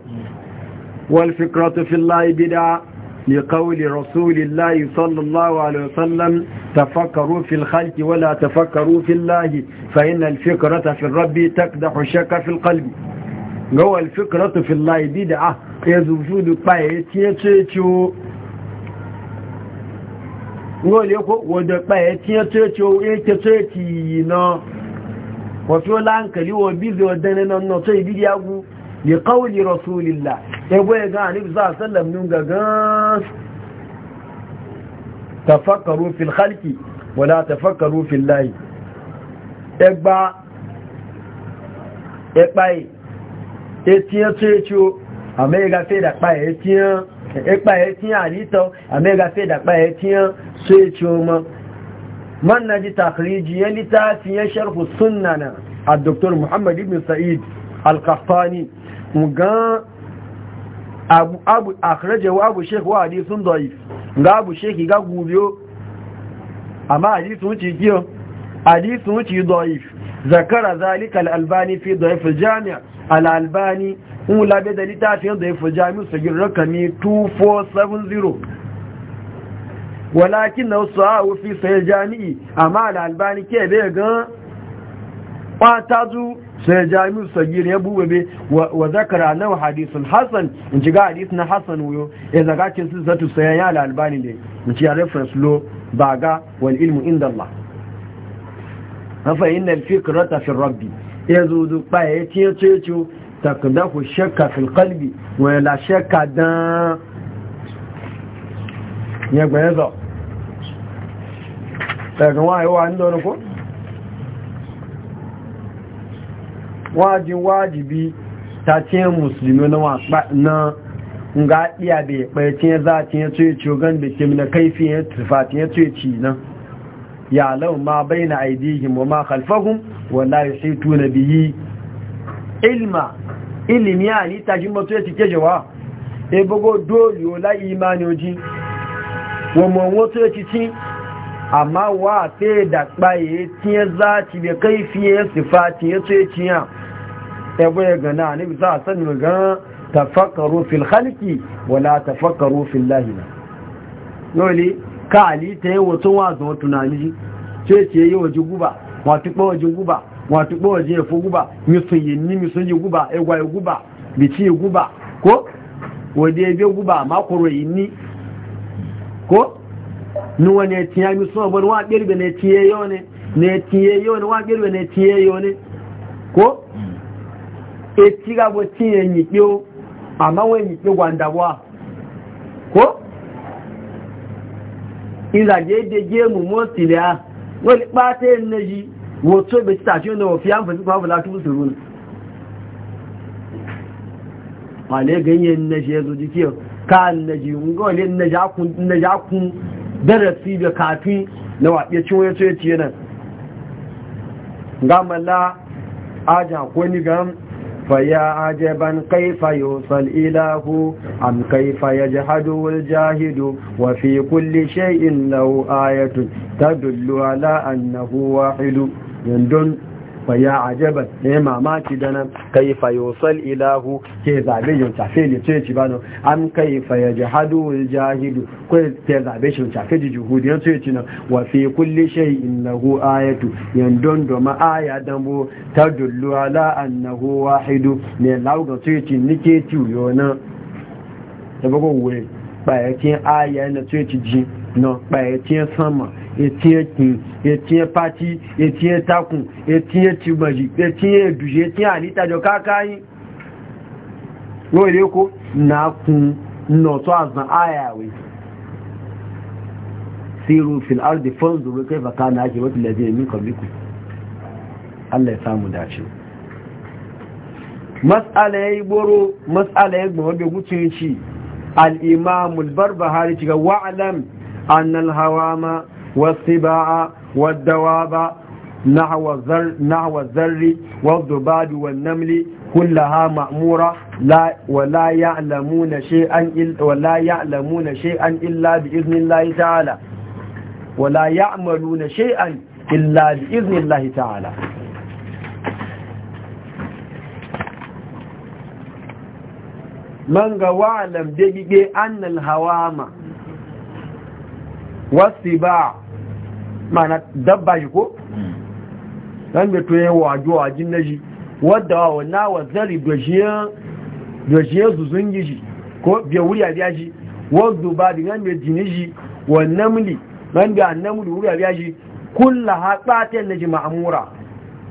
A: walfikratu fillahi bida لقول رسول الله صلى الله عليه وسلم تفكروا في الخلق ولا تفكروا في الله فإن الفكرة في الرب تكدح الشك في القلب هو الفكرة في الله بدعة يزفود بايتيتيتيو ngole ko wode pa etiyan techo eketetina wato la hankali wa bizi wa dane nan na sai bidi yagu li qawli rasulillah sai boye ga annabi sallallahu a wasallam nun ga gas tafakkaru fil khalqi wa la tafakkaru fil lahi egba epai etiyan techo amega fe da pa etiyan epa etiyan alito amega fe da pa etiyan techo ma. man na ji takriji ya littafi ya sharhu sunna na a dr muhammad ibn sa'id al-kaftani ga abu akhraje wa abu sheikh wa hadisun da'if ga abu sheikh ga gubiyo amma hadisun ci kiyo hadisun ci da'if zakara zalika al-albani fi da'if al-jami' al-albani ula bi da littafin da'if al-jami' sagir rakami 2470 walakin na wasu a wufi sai jami'i amma da albani ke bai ga kwata zu sai jami'u sagir ya buwe be wa zakara na hadisun hassan in ci ga hadis na hassan wuyo ya zaga cin su zatu sayan ya da albani ne in ci ya reference lo ba ga wal ilmu inda Allah hafa inna alfikrata fi rabbi ya zo zu ba ya ce ce ce takdahu shakka fil qalbi wa la shakka dan ya gbẹ̀yẹ́ sọ daga wayewa inda wani ko? wajin wajibi ta ce musulmi na ga iya da ya ɓaya ce za a ce ce cogon da ke na kaifi ya tufa ce ce ci nan ya lau ma bai na aidihim wa ma kalfahun wanda ya sai tuna biyi ilma ilimi a halitta shi matu ya cike jawa ebogo dole yola imani oji wa mawon wato ya ci amma wa te da baye tiye za ci bai kai fiye sifati ya ce ciya ya e goye gana ne za a sani ga tafakkaru fil halki, wala tafakkaru fil lahi yoli ka ali te wato wa zo tunani ce ce yi waje guba wato ko waje guba wato ko waje fo guba mi so yi ni mi yi guba e gwa guba bi yi guba ko wode be guba ma koro yi ni ko nuwa ne tiya mi suna bani wa girbe ne tiye yau ne ne tiye yau ne wa girbe ne tiye yau ne ko e tiga bo tiye ni kyo amma wai ni kyo gwanda wa ko ila je de je mu mo tilia wani pata yin na ji wato bai ta ce wani wafi an fasi kwafa latu su runa wale ganyen na ji ya zo jikiyar ka na ji ngole na jakun darasi da kafi na waɗe cin wani tsoye ciye nan gamala aja ko ni gam faya ajaban kaifa an kai am kaifa yajhadu wal jahidu wa fi kulle shai'in lahu ayatun dullu ala annahu wahid yandun fa ya ajaba ne mamaki da nan kaifa yusal ilahu ke zabe yau tafe ne ce ci bano am kaifa yajhadu jahidu ko ke zabe shi tafe ji juhudi yau ce ci nan wa fi kulli shay'in lahu ayatu don do ma aya dan bo tadullu ala annahu wahidu ne lauga ce ci nike ci yo nan da bako wuri, ba kin aya na ce ci ji na ba ya sama ya tiye kin ya tiye pati ya tiye takun ya tiye cibaji ya tiye duje ya tiye halitta da kakayi yau ko na kun nọ̀tọ́ àzàn ayàwé siru fil ardi fanzuru kaifa kana aqibatu alladhina min qablikum Allah ya samu dace mas'ala yayi boro mas'ala yayi gbo be gucin shi al-imam al-barbahari ga wa'lam أن الهوام والسباع والدواب نحو الذر نحو الذر والضباب والنمل كلها مأمورة لا ولا يعلمون شيئا ولا يعلمون شيئا إلا بإذن الله تعالى ولا يعملون شيئا إلا بإذن الله تعالى من واعلم دبيبي أن الهوامة wasi ba mana dabba shi ko ɗan hmm. da tuye wajo wajin na shi wadda wa na wa zari doshiyar su sun gishi ko biya wuri a biya shi wadda ba da ɗan da jini shi wa namuli ɗan da namuli wuri a biya shi kulla ha ɓaten na shi ma'amura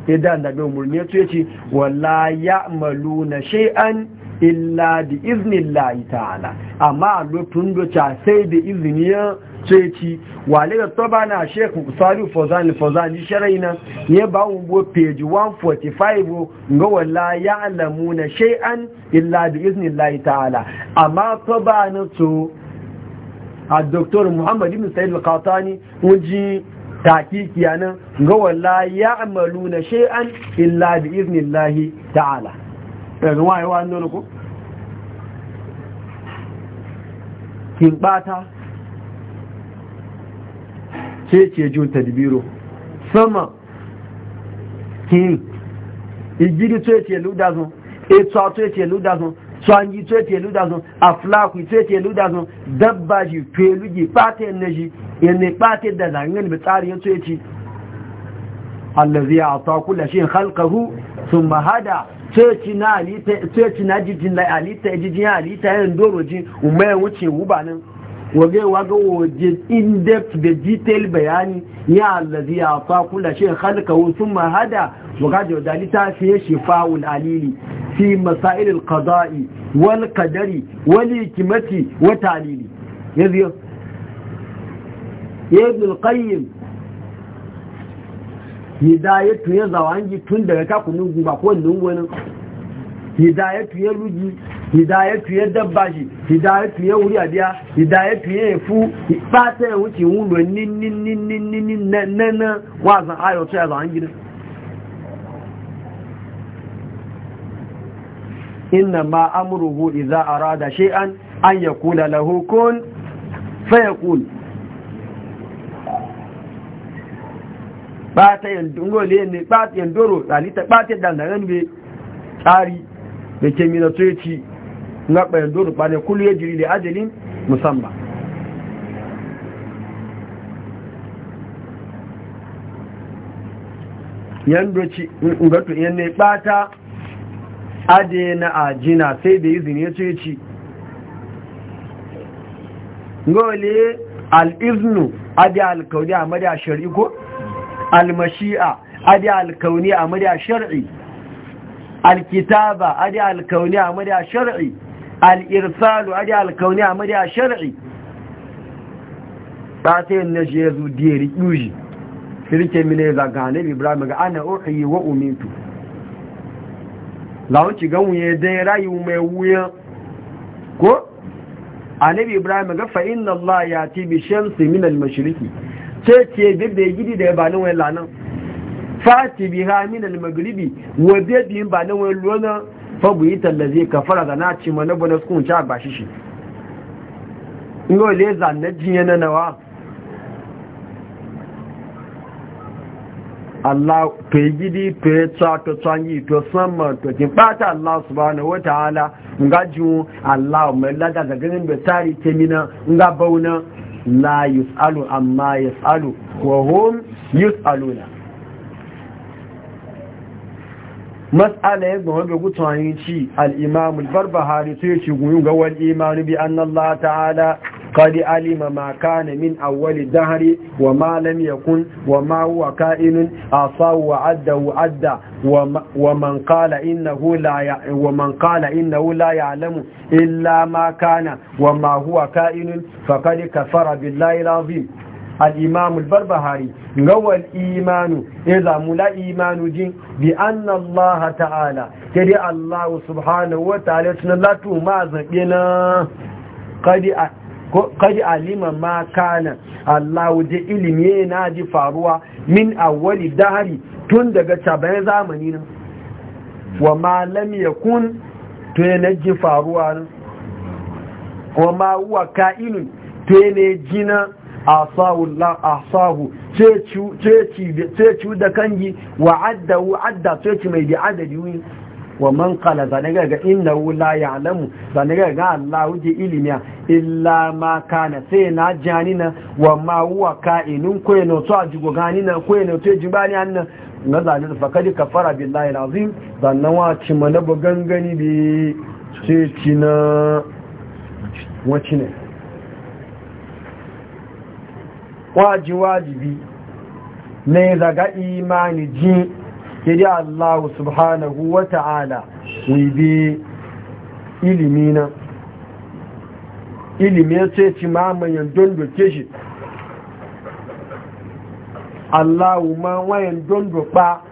A: idan da ɗan murni ya ce wala ya malu na shai'an illa da izinin layi ala amma a lotun doca sai da izini ya sai ci wale da toba na sheku sari fozani fozani shirai na ya ba mu bo page 145 ga wala ya alamu na shai'an illa izinin layi ta'ala amma toba na to a doktor Muhammadu ibn sa'id al-qatani wuji takiki anan ga wala ya amalu na shai'an illa izinin layi ta'ala ɗan wayewa annon ku kin ɓata sai ce jun tadbiru sama kin igiri sai ce lu ludazun eto sai ce lu ludazun tsangi sai ce lu ludazun aflaku sai ce lu ludazun dabba ji pelu ji pate naji yana pate da zangan bi tsari ya sai ce allazi ya a'ta kullu shay'in khalqahu thumma hada sai na alita sai na jijin la alita jijin alita yan dorojin umma wuce ubanin waje waga waje in depth da detail bayani ya allazi ya fa kula shi wa sun hada waga da dali ta shifa shifa'ul alili fi masail qada'i wal qadari wal hikmati wa talili yazi ibn al-qayyim hidayatu ya zawangi tun daga kakunin guba ko nan wani hidayatu ya ruji hidayatu ya dabba shi hidayatu ya wuri abiya hidayatu ya fu fata ya wuce wulo ninninninninnin na na wazan ayo ta yaza an gina inna ma amuruhu iza arada shay'an an yakula lahu kun fayakul bata yandungole ne bata yandoro dalita bata dandaren be tsari da ke minatoci na ɓayan doro ne kullu ya jiri da ajalin musamman yandoci ngatu yanne ɓata aje na ajina sai da izini ya ce ci gole al'iznu al alkauni a a shari'i ko almashi'a ade alkauni a a shari'i alkitaba al alkauni a a shari'i al'irsalu a da alkauni a mada shari'i ta ta yin na shi ya zo diya riƙuji sirke mine zaga hannun ibrahim ga ana ohayi wa umintu launci gan wuye don rayu mai wuyan ko annabi ibrahim ga fa inna allah ya ti bi shamsi min al mashriqi ce ce bibbe gidi da ba nan wani lanan fati biha min al maghribi wa bibbe ba nan wani lona fabu yi tallaze ka fara na ci mana bane sukun ci a bashi shi le zanen jiye na nawa Allah to yi gidi to yi tsa to tsanyi to sama to kin bata Allah subhanahu wataala nga jiwu Allah mai lada da ganin da tari kemina nga bauna la yusalu amma yus'alu wa hum yusaluna mas'ala ya zama ga gutsayin ci al-imam Buhari barbahari sai ci guyun ga wal iman bi anna Allah ta'ala qad alima ma kana min awali ad-dahr wa ma wa ma huwa a asaw wa adda wa adda wa man kala innahu la wa alamu qala ya'lamu illa ma kana wa ma huwa ka'in kafara billahi al al-imam al-barbahari gawal imanu zamu la imanu jin bi anna Allah ta'ala kadi Allah subhanahu wa ta'ala tunallatu ma zabe na kadi alima ma kana Allah je ilimi na ji faruwa min awwali dahari tun daga caban zamani na wa ma lam yakun to yana ji faruwa wa ma huwa ka'inun to yana jina asahu ceci da kangi wa addahu adda ceci mai da adadi wa man qala zanaga ga innahu la ya'lamu zanaga ga Allah wuje ilimiya illa ma kana sai na janina wa ma huwa ka'inun ko eno to ajugo ganina ko eno to jibani annan na zanin fakadi kafara billahi alazim zannan wa ci mana gangani bi sai ci na wacce waji wajibi ne daga imani ji kiri Allah subhanahu wa ta'ala wibe ilimi na ilimi ya ce ci mamayen dondo doke shi Allahu ma wayan dondo dopa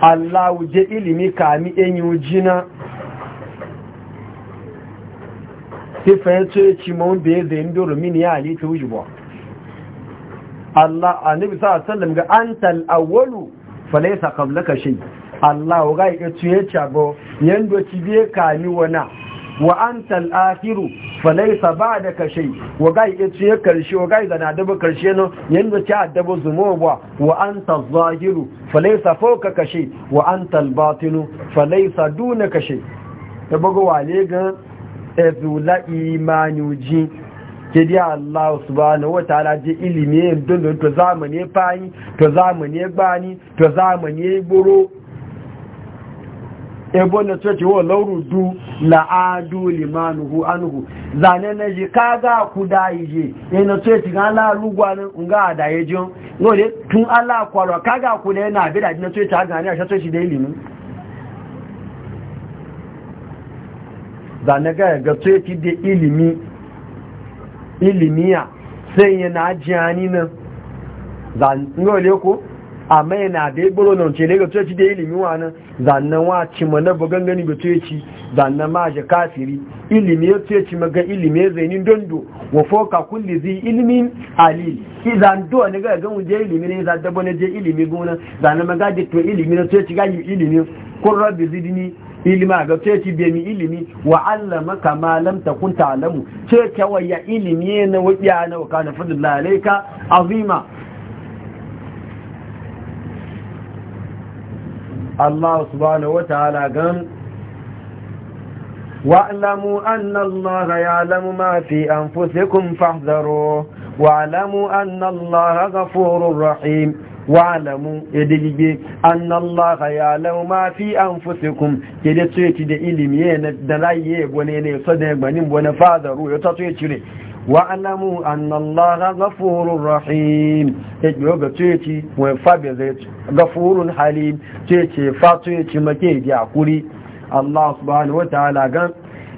A: Allahu je ilimi kami enyi jina ti fẹ́ tó ẹ̀kí mọ́ ń bèèrè ń dòrò mí ní àlè tó jùbọ̀ Allah annabi sallallahu alaihi wasallam ga antal awwalu falaysa qablaka shay Allah ga ya tuye chabo yando biye kani wana wa antal akhiru falaysa ba'daka shay wa ga ya ya karshe wa ga zana da ba karshe no yando ci adabo zumowa wa antal zahiru falaysa fawkaka shay wa antal batinu falaysa dunaka shay tabago wale ga ezula imanuji ke dai Allah subhanahu wataala ji ilimi dole to zamani fayi to zamani gbani to zamani buru ebo na tsoci wa la adu limanuhu anhu zane na ji kaga ku da Ina yana e tsoci ga ala lugwanin nga da ya jiyon wani tun ala kwaro kaga ku da yana abida na tsoci ga ni a sha tsoci da ilimi. zane ga ga tsoci da ilimi ilimiya sai yana ajiyani nan zanen ne ko ama yana da ya gboro nan ce ne ga tuyaci da ilimi wa nan zanen wa ci mana bugan gani ga tuyaci zanen ma ji kafiri ilimi ya tuyaci maga ilimi ya zainin dondo wa foka kulli zai ilimin ali ki zando ne ga ga gan wuje ilimi ne za dabo ne je ilimi gona zanen maga da to ilimi na tuyaci ga yi ilimi kun rabbi zidni ilima ga ce ci bemi ilimi wa allama kama lam takun ta'lamu ce kawai ya ilimi na wajiya na wa kana fadlullahi alayka azima Allah subhanahu wa ta'ala gan واعلموا أن الله يعلم ما في أنفسكم فاحذروه واعلموا anna Allah ghafurur rahim wa'alamu ya digige annallaha ya lau ma fi an fusikun ke da tsoyaci da ilimi ya da ya gwane ne so da gbanin gwane fadaru ya ta tsoyaci ne wa'alamu annallaha gafurun rahim ya ƙiyo ga tsoyaci wani fabi zai gafurun halim tsoyaci fa tsoyaci make ya kuri allah subhanahu wa ta'ala gan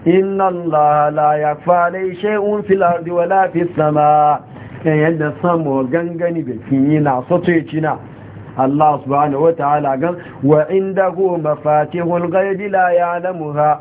A: inna allaha la yakfa lai shay'un fil ardi wala fis sama kan yadda samu gangani da kinyi na soto ya cina Allah subhanahu wa ta'ala gan wa inda la ya'lamuha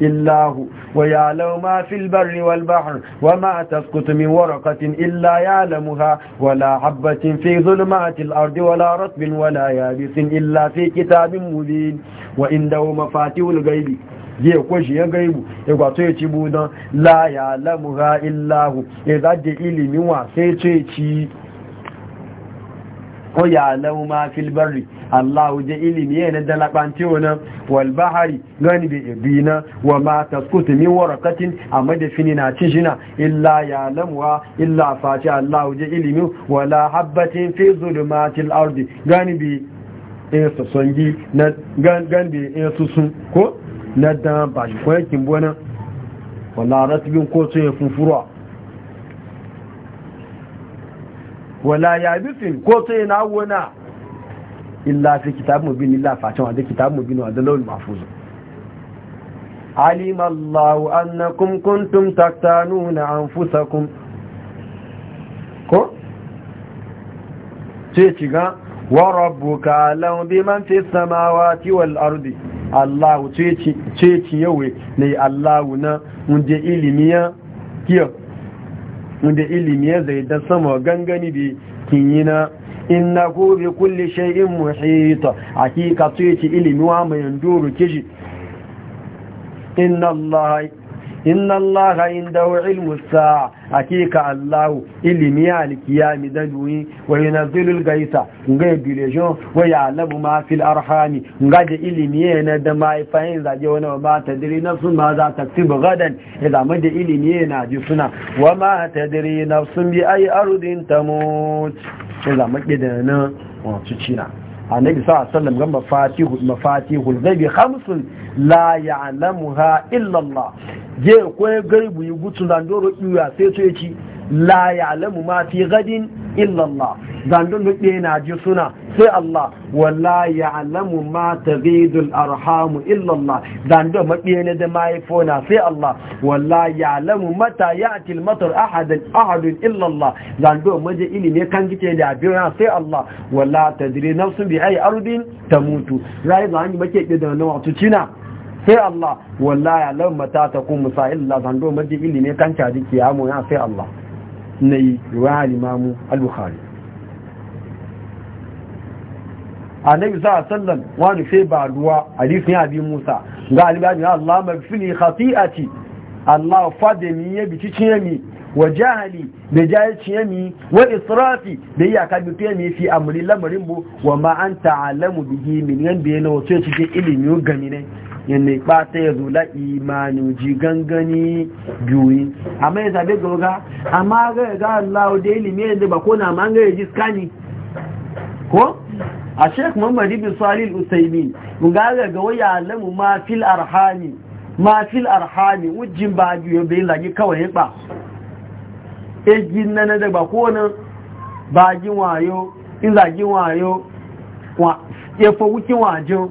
A: illa hu wa ya'lamu ma fil barri wal bahr wa ma tasqutu min warqatin illa ya'lamuha wa la habatin fi zulumatil ardi wa la ratbin wa la yabisin illa fi kitabin mubin wa inda hu mafatihul ghaibi je ko shi ya gaibu ya gwato ya ci budan la ya lamu ha illahu ya je ilimi wa sai ce ci ko ya lamu ma fil barri allahu je ilimi yana da labanci wani wal bahari gani bi ibina wa ma taskutu min warakatin da fini na ci shina illa ya lamuwa illa faci allahu je ilimi ilimin wala habbatin fi zulumatil ardi gani bi in eh, su sun gi na gan bi in eh, su sun ko na da ba shi kwaye kimbo nan wala ratibin kotu ya funfura wala ya bifin kotu ya nawona illa fi kitab mubin illa facin wadda kitab mubin wadda laul mafuzo علم الله أنكم كنتم an أنفسكم ko sai ci gan. warabuka laundi manti samawati wal ardi Allahu ce ci yawe ne Allahu na wunde ilimiya kiyo wunde ilimiya zai da sama gangani bi kinyina inna ku bi kulle shay'in muhita hakika ce ci ilimi wa mai nduru kishi inna Allahu inna allaha indahu ilmu sa'a hakika allahu ilimi alkiyami da duyi wa yunazzilul gaisa nga ya bilejon wa ya'lamu ma fil arhami nga da ilimi na da mahaifayin zaje wani wa ma tadri nafsun ma za ta tsibu gadan ya zama da ilimi yana ji suna wa ma tadri nafsun bi ayi ardin tamut ya zama kidanan wasu cina annabi sa sallam ga mafatihu mafatihul ghaibi khamsun la ya'lamuha ha illallah je ko gaibu yi gutsu dan doro iya sai to yaci la ya'lamu ma fi gadin illa Allah zandun duk na ji suna sai Allah wala ya'lamu ma taghidu al-arham illa Allah zandun mabiye ne da mahaifona sai Allah wala ya'lamu mata ya'ti al-matar ahad ahad illa Allah zandun maje ilimi kan gite da biya sai Allah wala tadri nafsun bi ay ardin tamutu rai zan yi make da wannan wato cina sai Allah wala ya'lamu mata takum musa'illa zandun maje ilimi kan caji kiyamo ya sai Allah na yi riwaya limamu al-bukhari a nabi sa sallan wani sai ba ruwa hadisin abi musa ga alibani allah mafili khati'ati allah ni ya bici ciyami wa jahali da jahilci yami wa israfi da iyaka bitu yami fi amri lamarin bu wa ma an ta'alamu bihi min yan bayyana wato cikin ilimi gami ne yana ɓata ya zula imanu ji gangani biyu amma ya zabe gauga amma ga ya ga Allah da ilimi yadda ba ko na ma ga ji skani ko a Sheikh Muhammad ibn Salil al-Uthaymeen ga ga ga waya lamu ma fil arhami ma fil arhami wujin ba biyu bai lagi kawai ba ejin nan da ba ko nan ba jin wayo in zagin wayo wa ya fa wukin wajo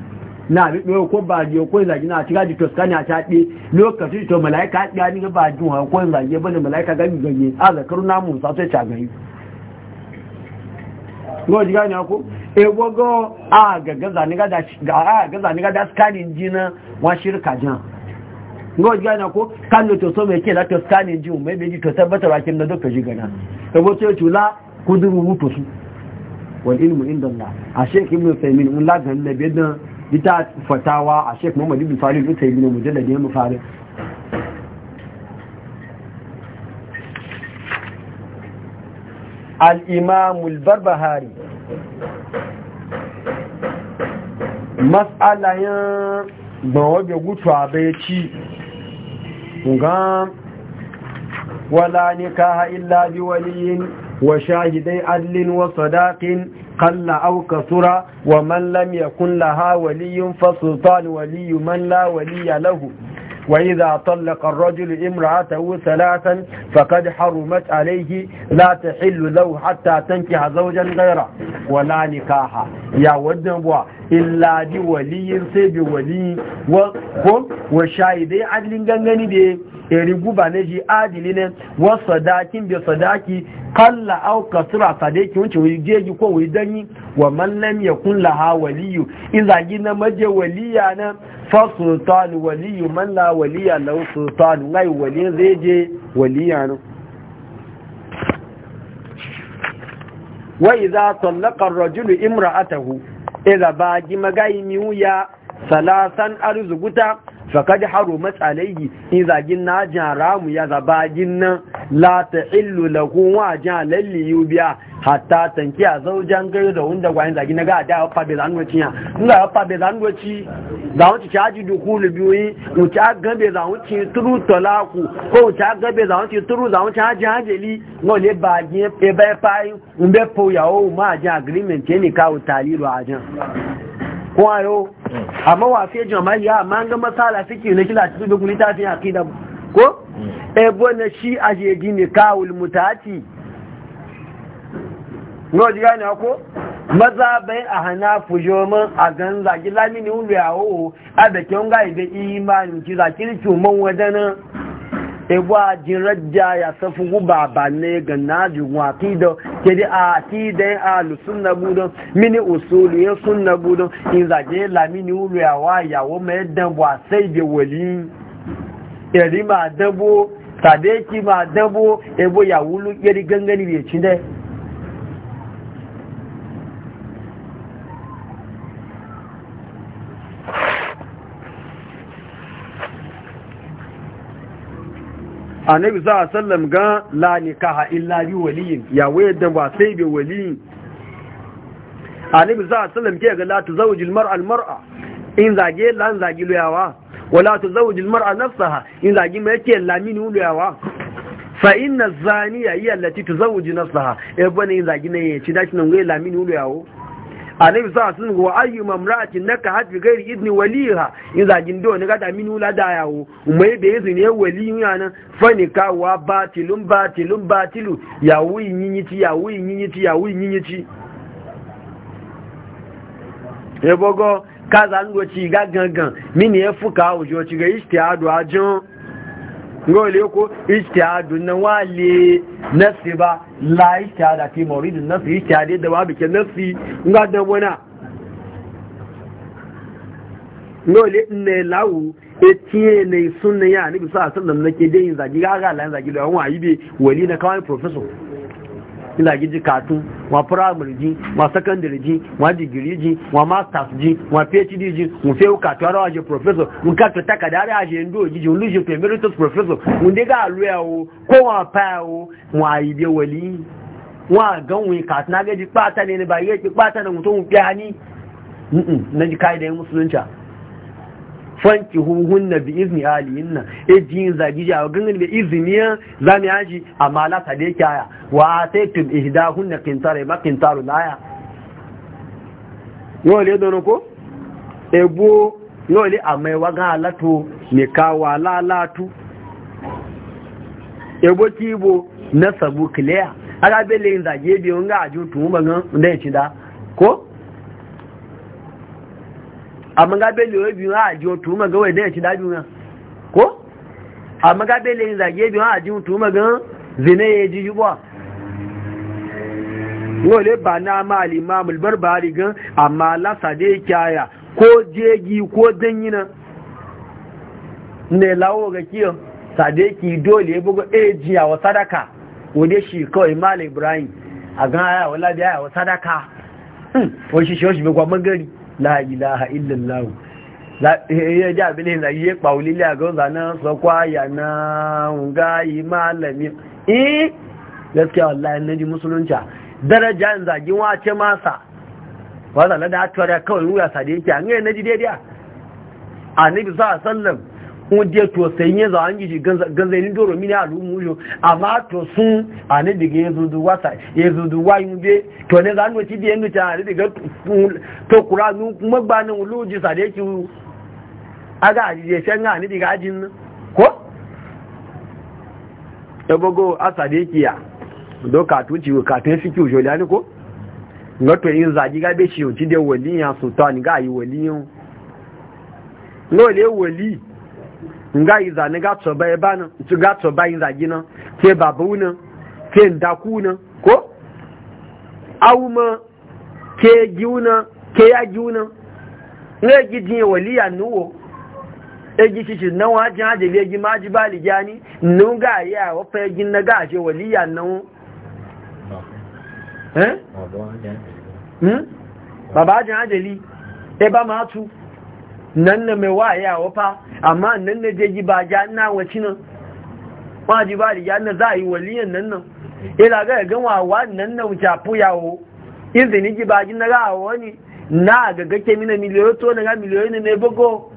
A: na bi ɗoyo ko ba je ko zagi na shiga ji toskani a taɗe lokaci to mala'ika ya ni ba ji wa ko zagi bane mala'ika gani ganye a zakaru na mun sai ta gani go ji gani ko e go a gaga zani ga da ga ga zani ga da scanning jina wa shirka jan go ji gani ko kan to so me ke la to scanning ji me be ji to tabbatar kin da dokta ji gana e to go to tula kuduru mutu su wal ilmu inda Allah a shekhi ibn Uthaymeen mun la ganin ne bidan ita fatawa a sheik muhammadu bifari rusa yi ne mujallar da ya mafari al'imamul barbahari matsalayen gbanwabe gutu bai ci gan wala nikaha illa bi wa shahidai adlin wa sadakin. qalla aw kasura wa Mallam ya yakun laha waliyyun fa Waliyu, Malla man la lahu وإذا طلق الرجل امرأته ثلاثا فقد حرمت عليه لا تحل له حتى تنكح زوجا غيره ولا نكاح يا ودنبوا إلا بولي سيب ولي وشاهدي عدل غنغني دي erigu ba na ji adili ne wa sadakin bi sadaki kalla au kasura sadaki wuce je jeji ko wai danyi wa man ya yakun laha waliyu in zagi na maje waliya na fa waliyu man la waliya lahu sultan ngai wali zai je waliya no wa idza talaqa ar-rajulu imra'atahu idza baji magai miuya salasan arzuguta faqad harumat alayhi idza jinna jaramu ya zabajin la ta'illu lahu wa jalalli biya. hatta tanki a zaujen gayo da wunda gwanin zagi na ga da ya fa bai zanuwa ciya in ga ya fa bai waci? ci za wuce ci haji dukulu biyoyi wuce a gabe za wuce turu talaku ko wuce a gabe za wuce turu za wuce haji hajeli na ole ba gi e ba e ya fayi in bai fo yawo ma a jan agreement ya ne kawo taliru a jan ko ayo amma wa fiye jama'i ya amma an ga masala suke na kila cikin dokumentafin akida ko mm. ebo na shi ajeji ne kawo mutaci yau ji gane ko maza bai a hana fujomin a gan zaki lamini ulu ya hoho a da kyan ga ibe imanin ki zaki ni cuman wadanan ebu a jin rajja ya safu guba ba ne ga naji wafi da ke di a lu da sunna budo mini usulu ya sunna budo in zaki lamini ulu ya wa yawo mai dambo a sai da wali eri ma tade ki ma dambo ebo ya wulu yari gangani bai e ci annabi za a sallam ga la nikaha illa bi waliyin ya waye da ba sai bi waliyin annabi za a sallam ke ga la zawjil mar'a al mar'a in zage la in zage luyawa wala zawjil mar'a nafsaha in zage mai ke lamini loyawa fa inna zaniya hiya allati zawji nafsaha e eh bani in zage ne ya ci dashi nan ga lamini loyawo annabi sa sun wa ayyu mamrati naka hadu gairi idni waliha in zagin do ne gada minu la da yawo mai be yizu ne wali yana fani ka wa batilun batilun batilu yawo yinyiti yawo yinyiti yawo yinyiti ebogo kaza ngo ci ga gangan mini e fuka ojo ci ga istiadu ajon ngole ko ijtihadu na wale nafsi ba la ijtihada fi mawridin nafsi ijtihadi da babu ke nafsi nga da wana ngole ne lawu etie ne sunna ya ni bi sa sallam nake dai zagi ga ga la zagi da wani wayi be wali na kawai professor ila gidi katun wa primary ji wa secondary ji wa degree ji wa masters ji wa phd ji mu fe ka to ara je professor mu ka to taka dare aje ndo ji mun luje to emeritus professor mu de ga lu e o ko wa pa o wa ibe wali wa ka na ga ji pata ne ba ye ki pata to mu biya ni na ji kai da musulunci fanki na bi izini izni alihinna e yin zagi ja gangan da izini ya zami aji amma la ta dai kaya wa sai tun taytum ihdahunna qintara e ma qintaru laya yo le dono ko ebo yo le a mai ga alato ne ka wa lalatu ebo kibo na sabu clear aga bele zagi e bi on ga aju tu magan da ci da ko amma ga bele yoyi biyu a ajiyo tuma ga wai dan ya ci daju na ko amma ga bele yin zage biyu a ajiyo tuma ga zin'e ya ji yi ba wale ba na ma alimamul barbari gan amma lasa da ya kyaya ko jegi ko danyina ne lawo ga kiyo sadeki dole ya bugu ejiya wa sadaka wade shi kawai mal ibrahim a gan aya wala da aya wa sadaka wani hmm, shi shi wasu bai gari la ilaha illallah ya ji abin da yi kpaulili a náà na sakwa ya na ngayi malami gaskiya ji musulunci daraja in zagin wace masa kawai wuya sa da yake na ji a kun je to sai ne za an ganzai ni doro mini alumu yo amma to sun ane diga yezu du wata yezu du wa yin be to ne za an wuce biye ta to kura nu kuma ba nan sa da yake shan ga ajin ko ebogo asa da yake ya do ka tuci ka tafi ki ujoli ani ko ngato yin zagi ga be shi uti de wali ya sultan ga yi wali yo no wali nga iza ni ga tsoba ya ga tsoba ke babu ke ndaku ko auma ke giuna ke ya giuna ne gi din waliya nuwo e gi e shi wa le e gi maji bali jani ga ya wa fa gi na ga je waliya nan eh baba jin hmm? li e ba ma tu nan na mai waya wafa amma nan na jeji ba ja na waci nan ba ji ba da na za a yi waliyan nan nan ila ga ga wawa nan na wuce fu yawo izini ji ba ji na ga wani na ga gake mina miliyoyi to na ga miliyoyi ne bugo?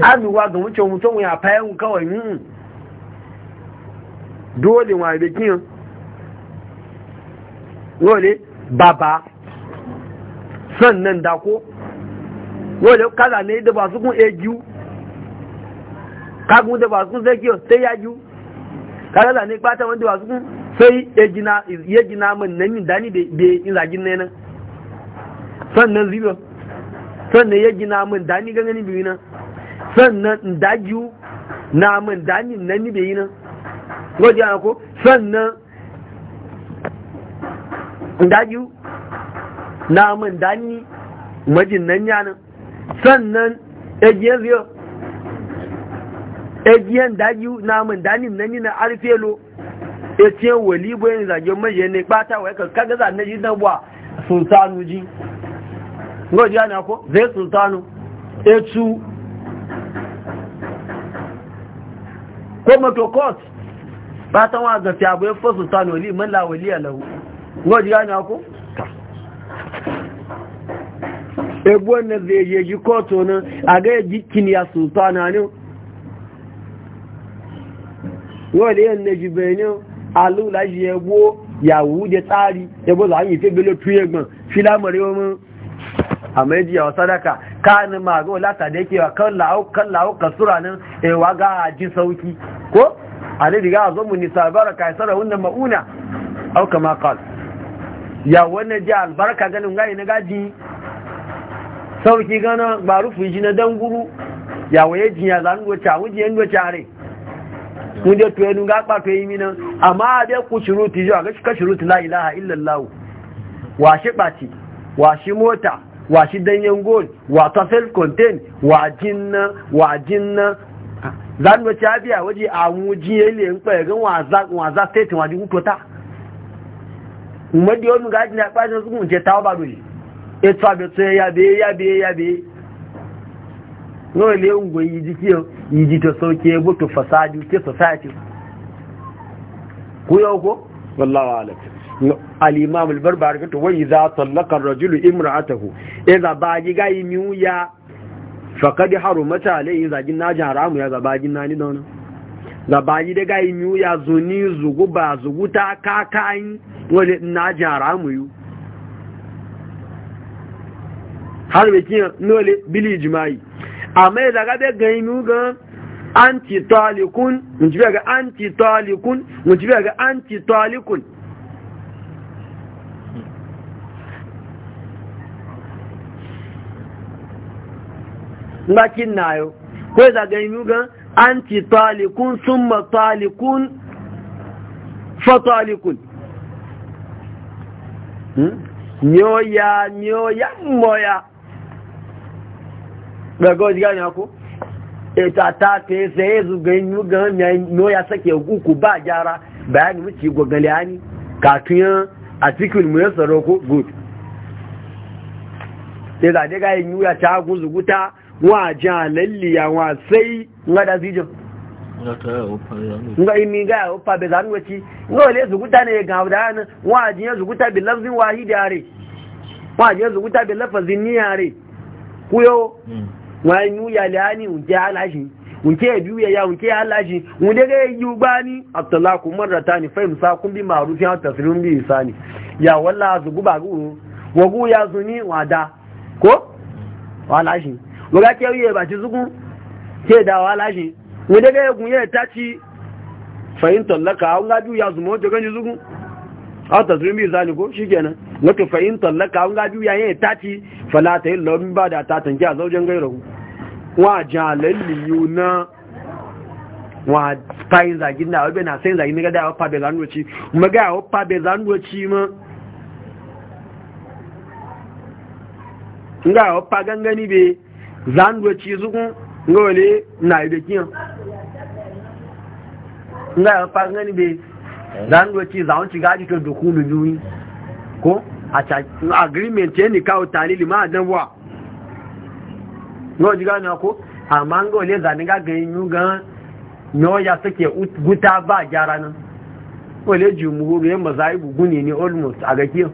A: bago wa ga wuce mutum ya fayan kawai yin hmm. dole wa bikin dole baba sannan da ko wọ́n lè kádà ní ìdẹ̀bà ejú kágun ìdẹ̀bà súnkún sẹ́kíọ̀ sẹ́yájú kádà ní pátá wọn ìdẹ̀bà súnkún sai yejina min nan min dani da yin zagin nena sannan zibo sannan yejina min dani gangani biyu nan sannan na min dani nan ni nan sannan na min dani majin sannan ejiyan zai ejiyan daji namun danim na nina arfelo etiyan wali bayan zagen maje ne bata wa yakan kaga za na ji na buwa sultanu ji ngoji ya na ko zai sultanu etu ko motocross bata wa gafi abu ya fa sultanu wali man la wali alahu ngoji ya na ko ebu wannan zai yi ji koto nan a ga ya jikin ya sultana ne wanda yan na ji benin alula e ji ya yawu da tsari ebo za a yi fi belo tuye gban mara yi a mai ji yawa sadaka ka ni ma ga olata da yake wa kan la'au kasura nan ewa ga ji sauki ko a ne riga a zo mu nisa baraka e ya sarar wunan ma'una auka makal ya na ji albarka ganin gani na gaji sauki gana ba rufu ji na dan guru ya waye jiya za mu wace mu je ndo chare Mun je to yanu ga ba to yi minan. amma da ku shuruti jo ga ka shuruti la ilaha illa allah wa shi bati wa shi mota wa shi danyen gol wa ta self contain wa jinna wa jinna zan wace biya waje a wuje ji le npa ga wa za wa za state wa di utota mu de onu ga ji na su mun je tawa ba do ètò àbẹ̀tò ẹyàbẹ̀ ẹyàbẹ̀ náà lè ń yìí jíkí tó sókè ẹgbó tó fasáájú tí society kúyọ kó wallawa alẹ́kì al'imam albarbar fito wai e za tallakar rajulu imra'atahu iza ba ji gayi miyu ya fakadi haru mata alayi zagin najin haramu ya zabagin nani da wani zabaji da gayi ya zuni zugu ba zugu ta wani najin haramu har da kiyan nole bili jima'i amma hmm? ya zaga bai gani nugan antitalikun wunci bai ga antitalikun wunci bai ga antitalikun bakin na yau ko ya zaga yi nugan antitalikun sun matalikun fatalikun nyoya nyoya moya gbogbo ji gani ako ita e, ta te sai zu ganyu no ya sake hukuku ba jara bayani wuce gogale ani katuyan article mu ya tsaro ko good sai da daga yin ya ta guzu wa ja lalli ya wa sai ngada zijin nga imi ga ofa be zanu wati ngo le zuguta ne ga wadana wa ji zuguta bi lafzin wahid yare wa ji zuguta bi lafzin ni ku yo hmm. wọ́n yú yàlẹ́ á ní ǹjẹ́ aláṣì ǹjẹ́ ẹ̀bí wúyẹ̀ ya ǹjẹ́ aláṣì wọ́n dẹ́gẹ́ yíu gbá ní àtọ̀lákù mọ́rọ̀ta ní fẹ́ ìmùsákún bí màrú fi hàn tẹ̀sírí ń bí ìsá ni ya wọ́n àdá kó wọ́n aláṣì wọ́n gá kẹ́ wọ́n a ta zurmi zani ko shi kenan na tufayin tallaka an gabi yayin ya taci falata yin laumin ba da tatan a zaujen gairahu wa jalalliyu na wa fayin zagin da wabe na sayin zagin na gada a wafa zanuwaci kuma ga a wafa zanuwaci ma ga a wafa gangani bai zanuwaci zukun ga na yi ga a wafa gangani bai Eh? zan doci zaun ci gaji to dukunu juyi ko a agreement ya ni kawo talili ma dan wa no ji gani ko amma ga ole zani ga ga yin ga no ya take guta ba gyara nan ole jumhur ya mazaibu guni ne almost a ga kiyo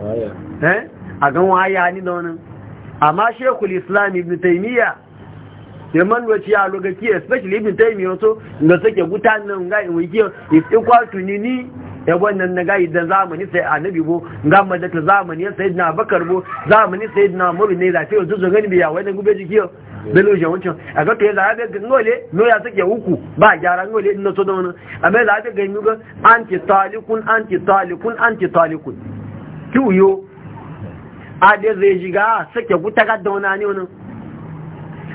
A: ah, ah, eh a ga waya ni da wannan amma shekul islam ibn taymiya yaman wace ya lokaci especially ibn taymi wato da suke nan ga in wiki is equal to ni ni ya wannan na ga idan zamani sai annabi bo ga ta zamani sai sayyidina bakar bo zamani sayyidina umar ne da sai zuzo gani biya wai dan gube jiki belo je wancan a ga to ya zaɓe ga ngole no ya suke uku ba gyara nole ina so da wannan amma za zaɓe ga yuga anti talikun anti talikun anti talikun kiyo a da zai jiga sake gutaka da wani ne wani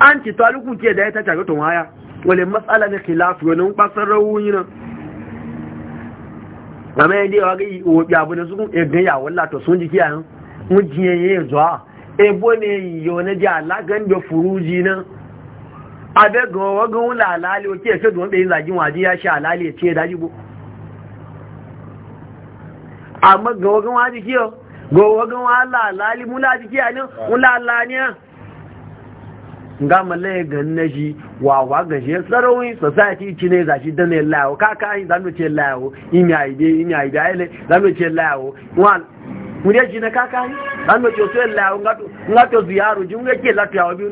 A: an ci talukun ke da ya ta shafi tun haya wale matsala na khilafu wani kwasar rawuni nan amma yadda yawa ga iwobi abu na sukun egan ya sun jiki mujiye ya zuwa ebo ne na ji alagan da furuji nan abe ọwọ́gan ń là láàlẹ́ òkè ẹ̀ṣẹ́ tó nga malaye gan na shi wa wa ga shi sarawin society ci ne za shi da ne lawo ka ka yi zanu ce lawo in ya ide in ya ide ai zanu ce lawo wa mu dai ji na ka ka yi zanu ce so lawo nga to nga to ziyaru ji nga ke latu ya wabi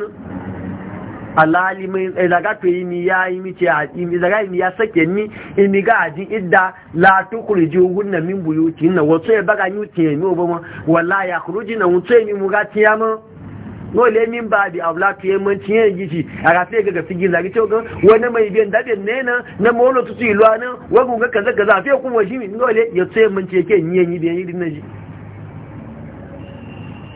A: alali mai eh daga to yi mi ya yi mi ce a mi daga mi ya sake ni in mi ga ji idda la tukriji hunna min buyuti na wato ya baga ni ti mi obama wallahi yakhrujina wato mi mu ga tiyama no le min ba di abla to yen man tiyen gici a ga sai ga sigin zagi to ga wani mai biyan dadin ne na na molo tutu ilwa na wagun ga kaza kaza fe kuma shi min no le ya tsaye man tiyen ke ni yin yi biyan yi dinna ji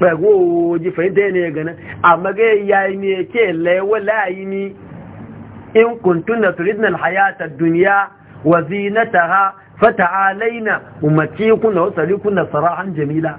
A: ba go ji fahimta ne ga a amma ga yayi ne ke wala yi ni in kuntuna turidna alhayata ad-dunya wa zinataha fata'alaina ummati kunna wa tarikuna sarahan jamila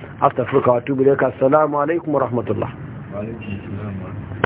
A: astaghfiruka wa atubu ka salamu alaikum wa rahmatullah